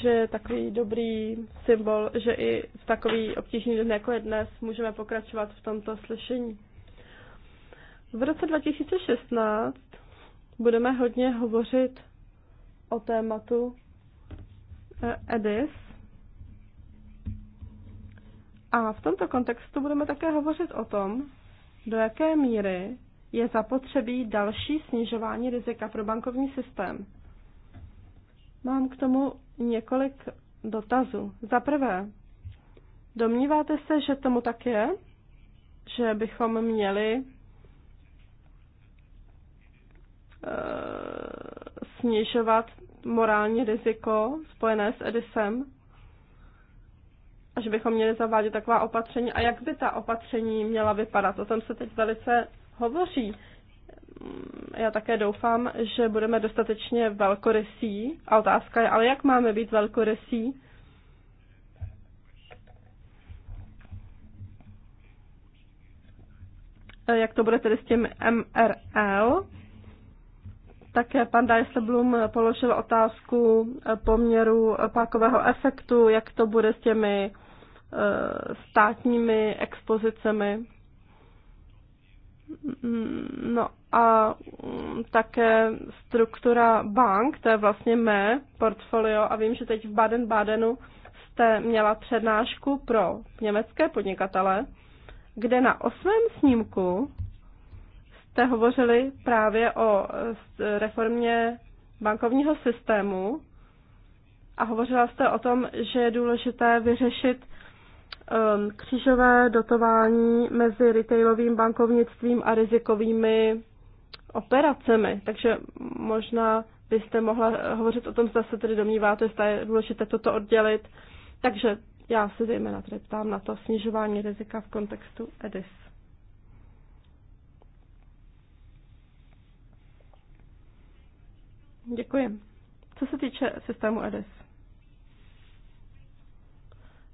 že je takový dobrý symbol, že i v takový obtížný den jako je dnes můžeme pokračovat v tomto slyšení. V roce 2016 budeme hodně hovořit o tématu eh, EDIS. A v tomto kontextu budeme také hovořit o tom, do jaké míry je zapotřebí další snižování rizika pro bankovní systém. Mám k tomu několik dotazů. Za prvé, domníváte se, že tomu tak je? Že bychom měli Eh, snižovat morální riziko spojené s Edisem a že bychom měli zavádět taková opatření. A jak by ta opatření měla vypadat? O tom se teď velice hovoří. Já také doufám, že budeme dostatečně velkorysí. A otázka je, ale jak máme být velkorysí? Eh, jak to bude tedy s tím MRL? Také pan Dijsselblum položil otázku eh, poměru eh, pákového efektu, jak to bude s těmi eh, státními expozicemi. Mm, no a mm, také struktura bank, to je vlastně mé portfolio a vím, že teď v Baden-Badenu jste měla přednášku pro německé podnikatele, kde na osmém snímku jste hovořili právě o eh, reformě bankovního systému a hovořila jste o tom, že je důležité vyřešit um, křížové dotování mezi retailovým bankovnictvím a rizikovými operacemi. Takže možná byste mohla eh, hovořit o tom, zda se tedy domníváte, zda je důležité toto oddělit. Takže já se zejména tady ptám na to snižování rizika v kontextu EDIS. Děkuji. Co se týče systému EDIS,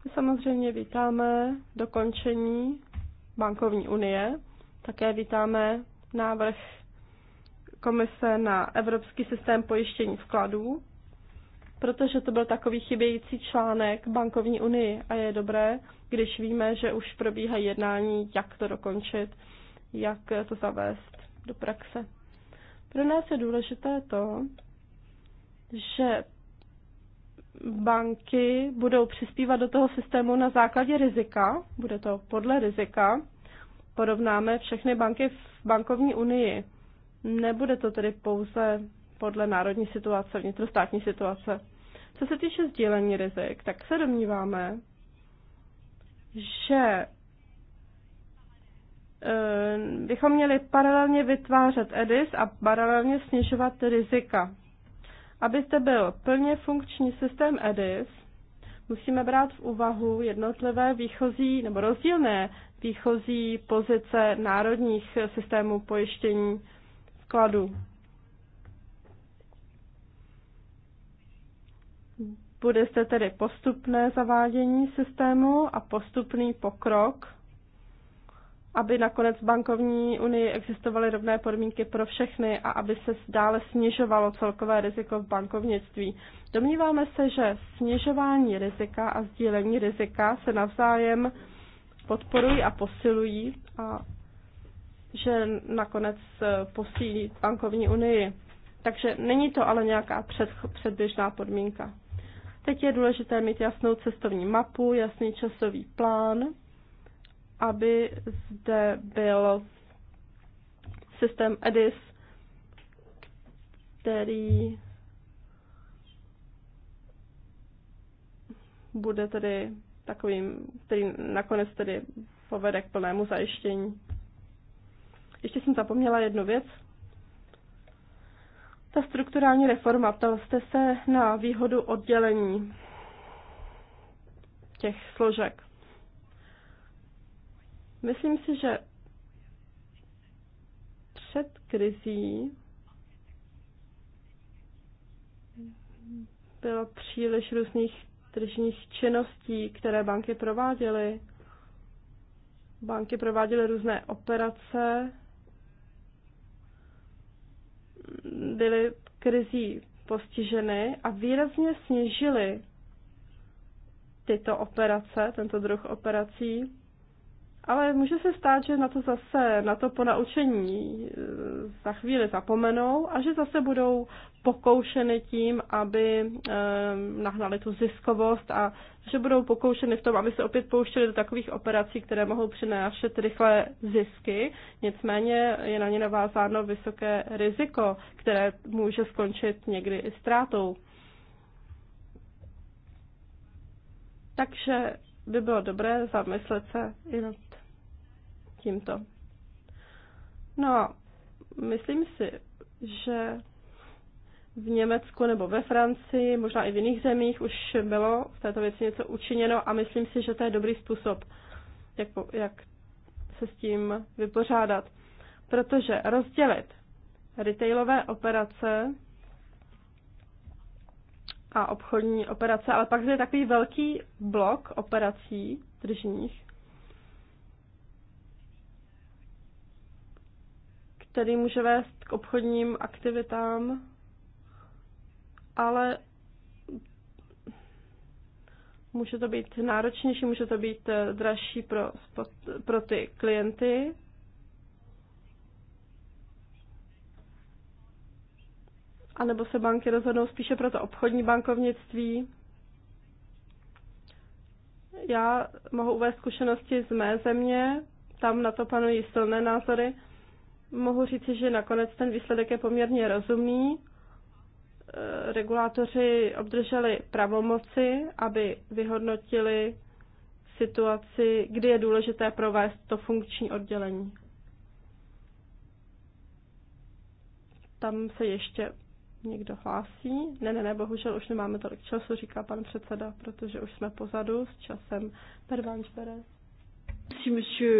my samozřejmě vítáme dokončení bankovní unie, také vítáme návrh komise na Evropský systém pojištění vkladů, protože to byl takový chybějící článek bankovní unii a je dobré, když víme, že už probíhají jednání, jak to dokončit, jak to zavést do praxe. Pro nás je důležité to, že banky budou přispívat do toho systému na základě rizika, bude to podle rizika, porovnáme všechny banky v bankovní unii. Nebude to tedy pouze podle národní situace, vnitrostátní situace. Co se týče sdílení rizik, tak se domníváme, že eh, bychom měli paralelně vytvářet EDIS a paralelně snižovat rizika Abyste byl plně funkční systém EDIS, musíme brát v úvahu jednotlivé výchozí nebo rozdílné výchozí pozice národních systémů pojištění vkladů. Bude zde tedy postupné zavádění systému a postupný pokrok aby nakonec bankovní unii existovaly rovné podmínky pro všechny a aby se dále snižovalo celkové riziko v bankovnictví. Domníváme se, že snižování rizika a sdílení rizika se navzájem podporují a posilují a že nakonec eh, posílí bankovní unii. Takže není to ale nějaká před, předběžná podmínka. Teď je důležité mít jasnou cestovní mapu, jasný časový plán, aby zde byl systém EDIS, který bude tedy takovým, který nakonec tedy povede k plnému zajištění. Ještě jsem zapomněla jednu věc. Ta strukturální reforma, ptal jste se na výhodu oddělení těch složek. Myslím si, že před krizí bylo příliš různých tržních činností, které banky prováděly. Banky prováděly různé operace, byly krizí postiženy a výrazně snížily tyto operace, tento druh operací. Ale může se stát, že na to zase, na to po ponaučení e, za chvíli zapomenou a že zase budou pokoušeny tím, aby e, nahnali tu ziskovost a že budou pokoušeny v tom, aby se opět pouštěli do takových operací, které mohou přinášet rychlé zisky. Nicméně je na ně navázáno vysoké riziko, které může skončit někdy i ztrátou. Takže by bylo dobré zamyslet se jenom tímto. No, myslím si, že v Německu nebo ve Francii, možná i v jiných zemích už bylo v této věci něco učiněno a myslím si, že to je dobrý způsob, jak, jak se s tím vypořádat. Protože rozdělit retailové operace a obchodní operace, ale pak je takový velký blok operací tržních, který může vést k obchodním aktivitám, ale může to být náročnější, může to být eh, dražší pro, pro ty klienty. A nebo se banky rozhodnou spíše pro to obchodní bankovnictví. Já mohu uvést zkušenosti z mé země, tam na to panují silné názory mohu říci, že nakonec ten výsledek je poměrně rozumný. Eh, regulátoři obdrželi pravomoci, aby vyhodnotili situaci, kdy je důležité provést to funkční oddělení. Tam se ještě někdo hlásí. Ne, ne, ne, bohužel už nemáme tolik času, říká pan předseda, protože už jsme pozadu s časem. Pervanč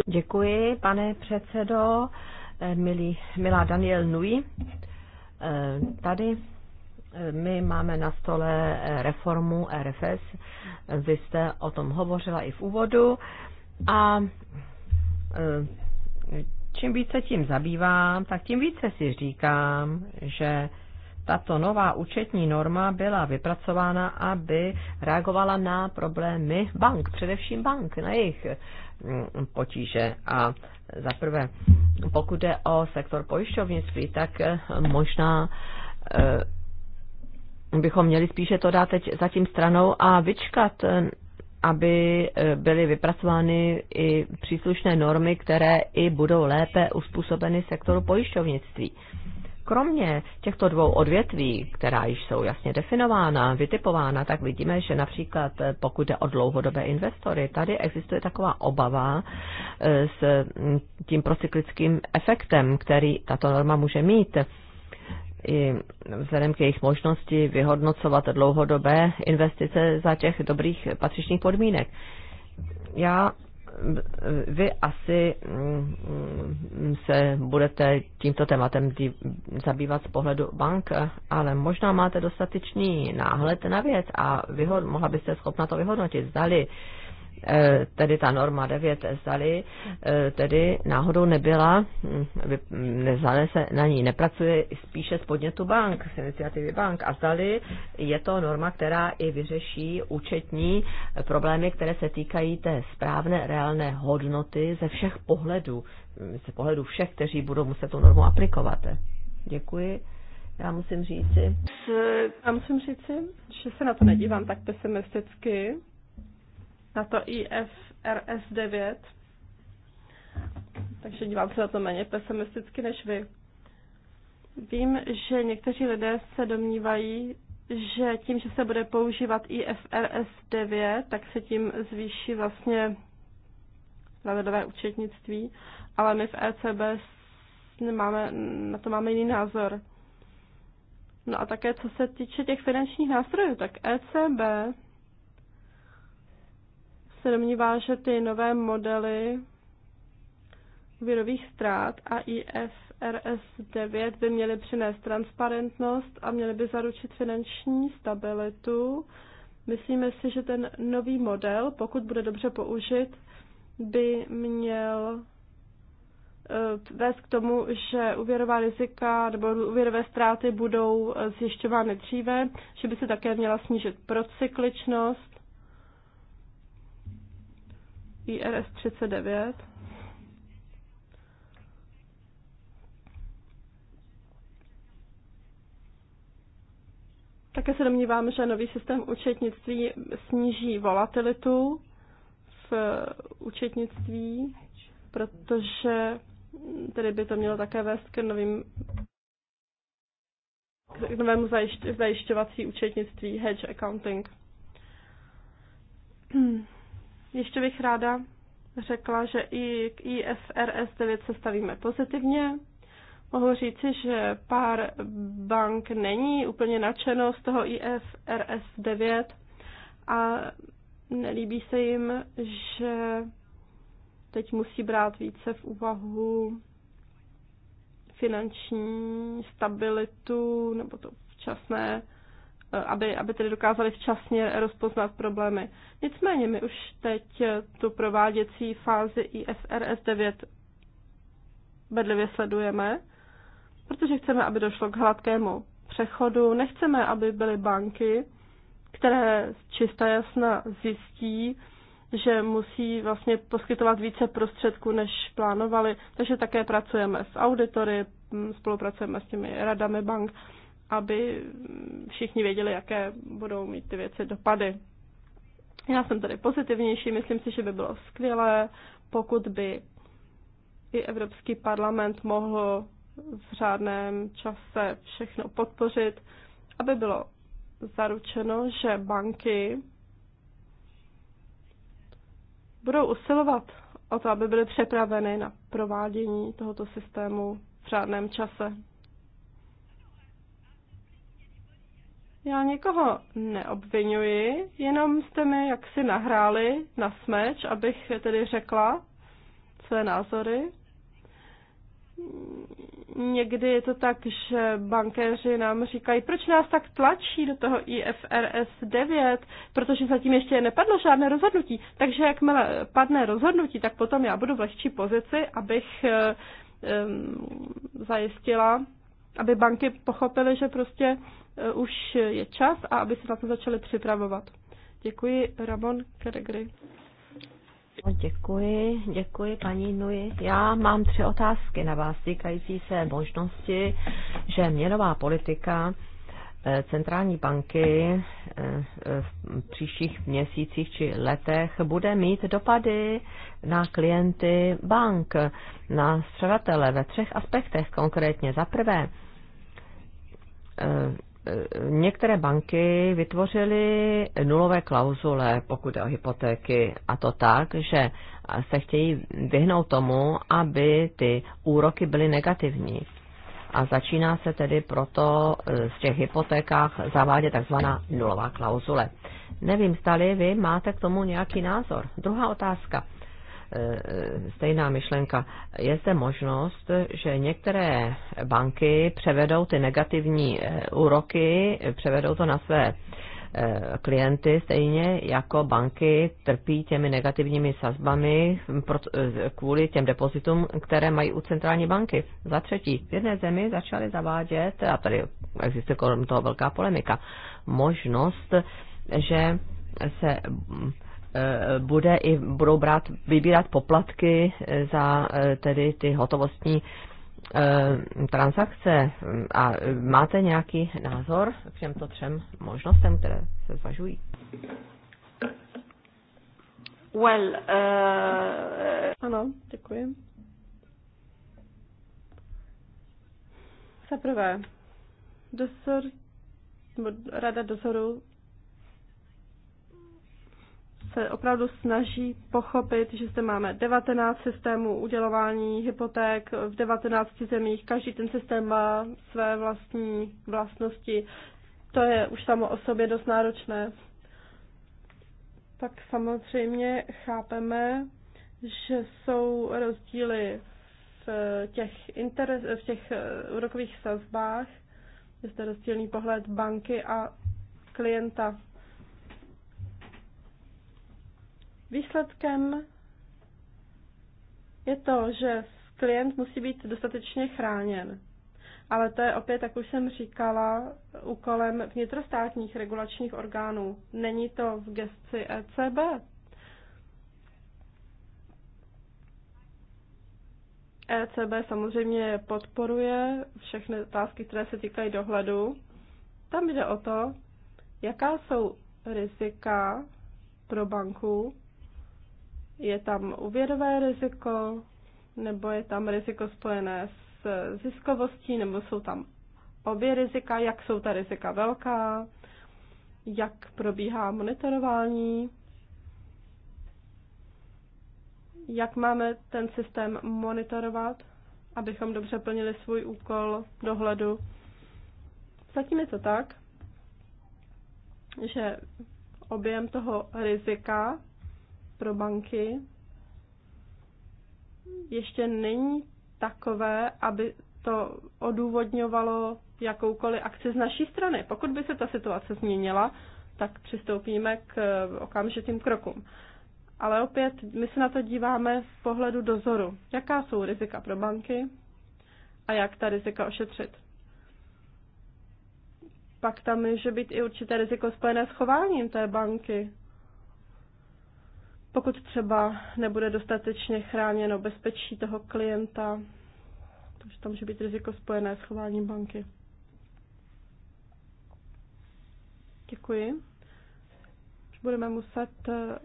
Děkuji, pane předsedo. Eh, milí, milá Daniel Nui. Eh, tady eh, my máme na stole reformu RFS. Vy jste o tom hovořila i v úvodu. A čím více tím zabývám, tak tím více si říkám, že tato nová účetní norma byla vypracována, aby reagovala na problémy bank, především bank, na jejich mm, potíže. A za prvé, pokud jde o sektor pojišťovnictví, tak eh, možná eh, bychom měli spíše to dát teď zatím stranou a vyčkat, eh, aby byly vypracovány i příslušné normy, které i budou lépe uspůsobeny sektoru pojišťovnictví. Kromě těchto dvou odvětví, která již jsou jasně definována, vytipována, tak vidíme, že například eh, pokud jde o dlouhodobé investory, tady existuje taková obava eh, s mm, tím procyklickým efektem, který tato norma může mít i vzhledem k jejich možnosti vyhodnocovat dlouhodobé investice za těch dobrých patřičných podmínek. Já vy asi mm, se budete tímto tématem zabývat z pohledu bank, ale možná máte dostatečný náhled na věc a vyhod- mohla byste schopna to vyhodnotit. Zdali Eh, tedy ta norma 9 eh, zdali, eh, tedy náhodou nebyla, hm, hm, zdali se na ní nepracuje spíše z podnětu bank, z iniciativy bank a zdali je to norma, která i vyřeší účetní problémy, které se týkají té správné reálné hodnoty ze všech pohledů, hm, ze pohledu všech, kteří budou muset tu normu aplikovat. Děkuji. Já musím říci. Já musím říci, že se na to nedívám tak pesimisticky na to IFRS 9, takže dívám se na to méně pesimisticky než vy. Vím, že někteří lidé se domnívají, že tím, že se bude používat IFRS 9, tak se tím zvýší vlastně pravidlové účetnictví, ale my v ECB nemáme, na to máme jiný názor. No a také co se týče těch finančních nástrojů, tak ECB se domnívá, že ty nové modely výrových ztrát a IFRS 9 by měly přinést transparentnost a měly by zaručit finanční stabilitu. Myslíme si, že ten nový model, pokud bude dobře použit, by měl eh, vést k tomu, že úvěrová rizika nebo úvěrové ztráty budou eh, zjišťovány dříve, že by se také měla snížit procykličnost IRS 39. Také se domnívám, že nový systém účetnictví sníží volatilitu v účetnictví, protože tedy by to mělo také vést k novým k novému zajišť, zajišťovací účetnictví, hedge accounting. Ještě bych ráda řekla, že i k IFRS 9 se stavíme pozitivně. Mohu říci, že pár bank není úplně nadšeno z toho IFRS 9 a nelíbí se jim, že teď musí brát více v úvahu finanční stabilitu nebo to včasné Eh, aby, aby tedy dokázali včasně rozpoznat problémy. Nicméně my už teď eh, tu prováděcí fázi IFRS 9 bedlivě sledujeme, protože chceme, aby došlo k hladkému přechodu. Nechceme, aby byly banky, které čista jasna zjistí, že musí vlastně poskytovat více prostředků, než plánovali. Takže také pracujeme s auditory, mm, spolupracujeme s těmi radami bank aby všichni věděli, jaké budou mít ty věci dopady. Já jsem tady pozitivnější, myslím si, že by bylo skvělé, pokud by i Evropský parlament mohl v řádném čase všechno podpořit, aby bylo zaručeno, že banky budou usilovat o to, aby byly přepraveny na provádění tohoto systému v řádném čase. Já nikoho neobvinuji, jenom jste mi jaksi nahráli na smeč, abych tedy řekla své názory. Někdy je to tak, že bankéři nám říkají, proč nás tak tlačí do toho IFRS 9, protože zatím ještě nepadlo žádné rozhodnutí. Takže jakmile padne rozhodnutí, tak potom já budu v lehčí pozici, abych um, zajistila, aby banky pochopily, že prostě Eh, už je čas a aby se na to začali připravovat. Děkuji, Ramon Keregry. No, děkuji, děkuji paní Nui. Já mám tři otázky na vás týkající se možnosti, že měnová politika eh, centrální banky eh, v příštích měsících či letech bude mít dopady na klienty bank, na střadatele ve třech aspektech konkrétně. Za prvé, některé banky vytvořily nulové klauzule, pokud je o hypotéky, a to tak, že se chtějí vyhnout tomu, aby ty úroky byly negativní. A začíná se tedy proto z eh, těch hypotékách zavádět takzvaná nulová klauzule. Nevím, stali vy máte k tomu nějaký názor. Druhá otázka. E, e, stejná myšlenka. Je zde možnost, že některé banky převedou ty negativní e, úroky, převedou to na své klienty, stejně jako banky trpí těmi negativními sazbami kvůli těm depozitům, které mají u centrální banky. Za třetí, v jedné zemi začaly zavádět, a tady existuje kolem toho velká polemika, možnost, že se Eh, bude i budou brát, vybírat poplatky eh, za eh, tedy ty hotovostní transakce. A máte nějaký názor k těmto třem možnostem, které se zvažují? Well, uh... Ano, děkuji. Za prvé, dosor, rada dozoru se opravdu snaží pochopit, že zde máme 19 systémů udělování hypoték v 19 zemích. Každý ten systém má své vlastní vlastnosti. To je už samo o sobě dost náročné. Tak samozřejmě chápeme, že jsou rozdíly v těch, interes, v těch eh, úrokových sazbách, je zde rozdílný pohled banky a klienta. Výsledkem je to, že klient musí být dostatečně chráněn. Ale to je opět, jak už jsem říkala, úkolem vnitrostátních regulačních orgánů. Není to v gesci ECB. ECB samozřejmě podporuje všechny otázky, které se týkají dohledu. Tam jde o to, jaká jsou rizika pro banku je tam uvěrové riziko, nebo je tam riziko spojené s ziskovostí, nebo jsou tam obě rizika, jak jsou ta rizika velká, jak probíhá monitorování, jak máme ten systém monitorovat, abychom dobře plnili svůj úkol dohledu. Zatím je to tak, že objem toho rizika pro banky ještě není takové, aby to odůvodňovalo jakoukoliv akci z naší strany. Pokud by se ta situace změnila, tak přistoupíme k okamžitým krokům. Ale opět, my se na to díváme z pohledu dozoru. Jaká jsou rizika pro banky a jak ta rizika ošetřit? Pak tam může být i určité riziko spojené s chováním té banky pokud třeba nebude dostatečně chráněno bezpečí toho klienta, takže tam může být riziko spojené s chováním banky. Děkuji. Už budeme muset eh,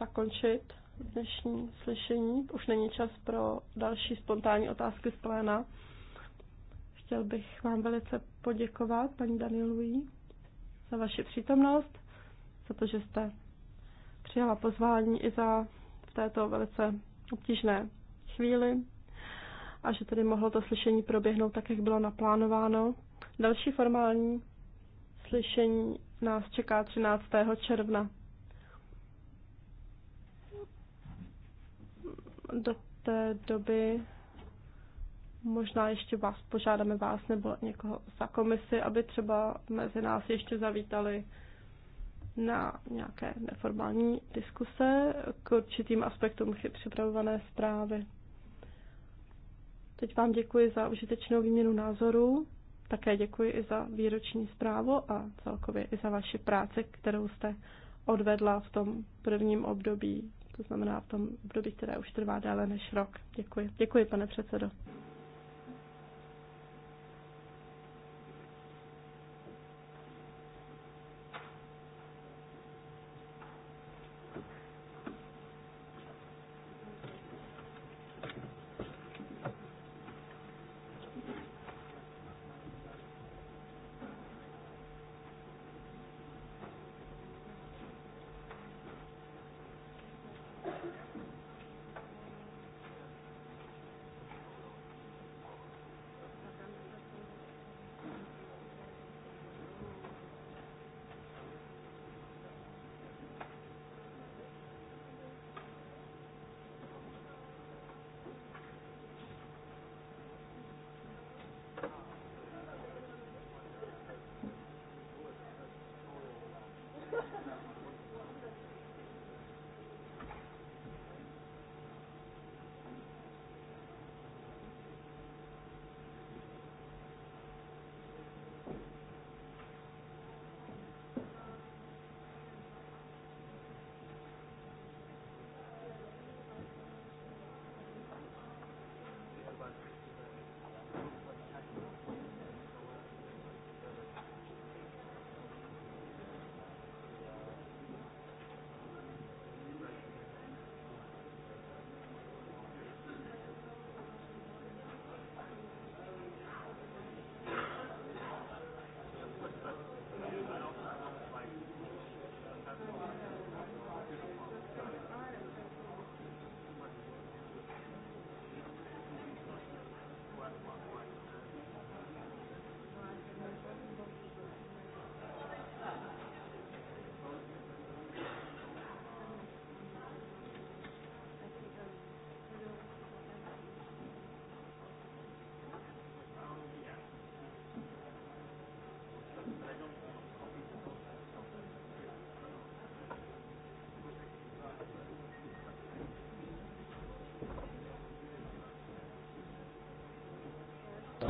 zakončit dnešní slyšení. Už není čas pro další spontánní otázky z pléna. Chtěl bych vám velice poděkovat, paní Danielu, za vaši přítomnost, za to, že jste přijala pozvání i za v této velice obtížné chvíli a že tedy mohlo to slyšení proběhnout tak, jak bylo naplánováno. Další formální slyšení nás čeká 13. června. Do té doby možná ještě vás požádáme vás nebo někoho za komisi, aby třeba mezi nás ještě zavítali na nějaké neformální diskuse k určitým aspektům připravované zprávy. Teď vám děkuji za užitečnou výměnu názorů, také děkuji i za výroční zprávu a celkově i za vaši práci, kterou jste odvedla v tom prvním období, to znamená v tom období, které už trvá déle než rok. Děkuji. Děkuji, pane předsedo.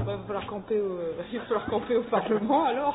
va falloir camper au, va falloir camper au Parlement alors.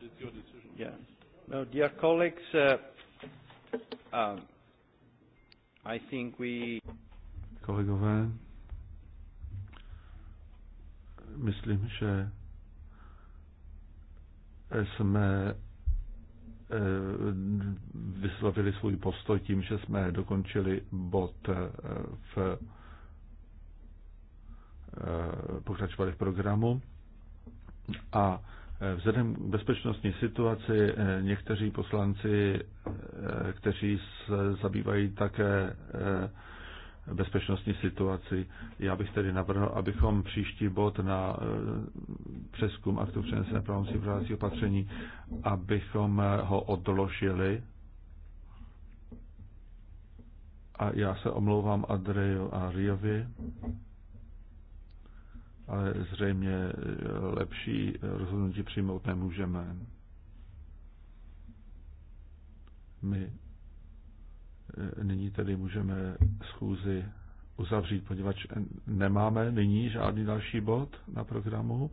But it's your decision. Yeah. No, dear colleagues, uh, um, I think we... Kolegové, myslím, že eh, jsme eh, vyslovili svůj postoj tím, že jsme dokončili bod eh, v pokračovali v programu a Vzhledem k bezpečnostní situaci eh, někteří poslanci, eh, kteří se zabývají také eh, bezpečnostní situaci, já bych tedy navrhl, abychom příští bod na přeskum aktu přenesené pravomocí prováděcí opatření, abychom ho odložili. A já se omlouvám Adreju a Riovi ale zřejmě eh, lepší rozhodnutí přijmout nemůžeme. My eh, nyní tedy můžeme schůzi uzavřít, poněvadž nemáme nyní žádný další bod na programu.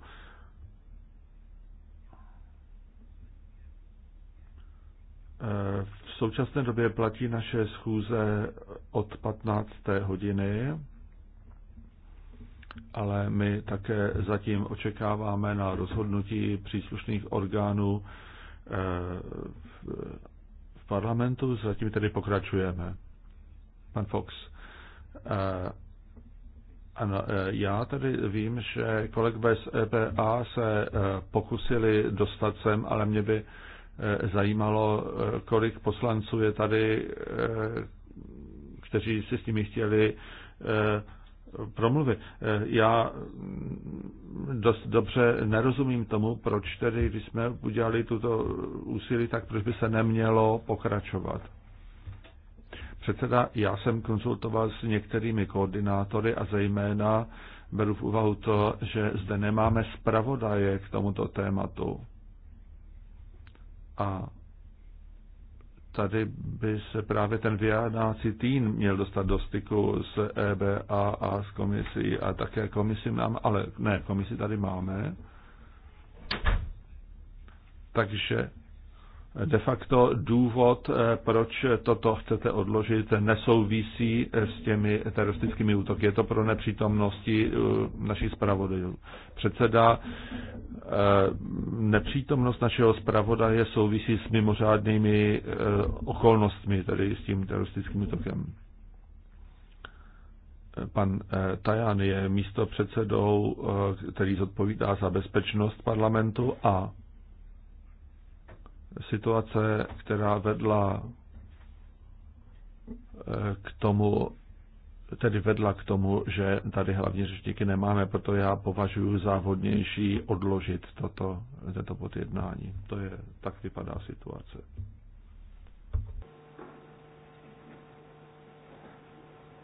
Eh, v současné době platí naše schůze od 15. hodiny ale my také zatím očekáváme na rozhodnutí příslušných orgánů eh, v parlamentu, zatím tedy pokračujeme. Pan Fox. Eh, ano, eh, já tady vím, že kolegové z EPA se pokusili dostat sem, ale mě by zajímalo, kolik poslanců je tady, kteří si s nimi chtěli promluvy. Eh, já mm, dost dobře nerozumím tomu, proč tedy, když jsme udělali tuto úsilí, tak proč by se nemělo pokračovat. Předseda, já jsem konzultoval s některými koordinátory a zejména beru v úvahu to, že zde nemáme zpravodaje k tomuto tématu. A tady by se právě ten vyjednávací tým měl dostat do styku s EBA a s komisí a také komisi nám, ale ne, komisi tady máme. Takže De facto důvod, eh, proč toto chcete odložit, nesouvisí s těmi teroristickými útoky. Je to pro nepřítomnosti eh, našich zpravodajů. Předseda, eh, nepřítomnost našeho zpravodaje souvisí s mimořádnými okolnostmi, tedy s tím teroristickým útokem. Pan Tajan je místo předsedou, který zodpovídá za bezpečnost parlamentu a situace, která vedla eh, k tomu, tedy vedla k tomu, že tady hlavně řečníky nemáme, proto já považuji za vhodnější odložit toto, toto podjednání. jednání. To je, tak vypadá situace.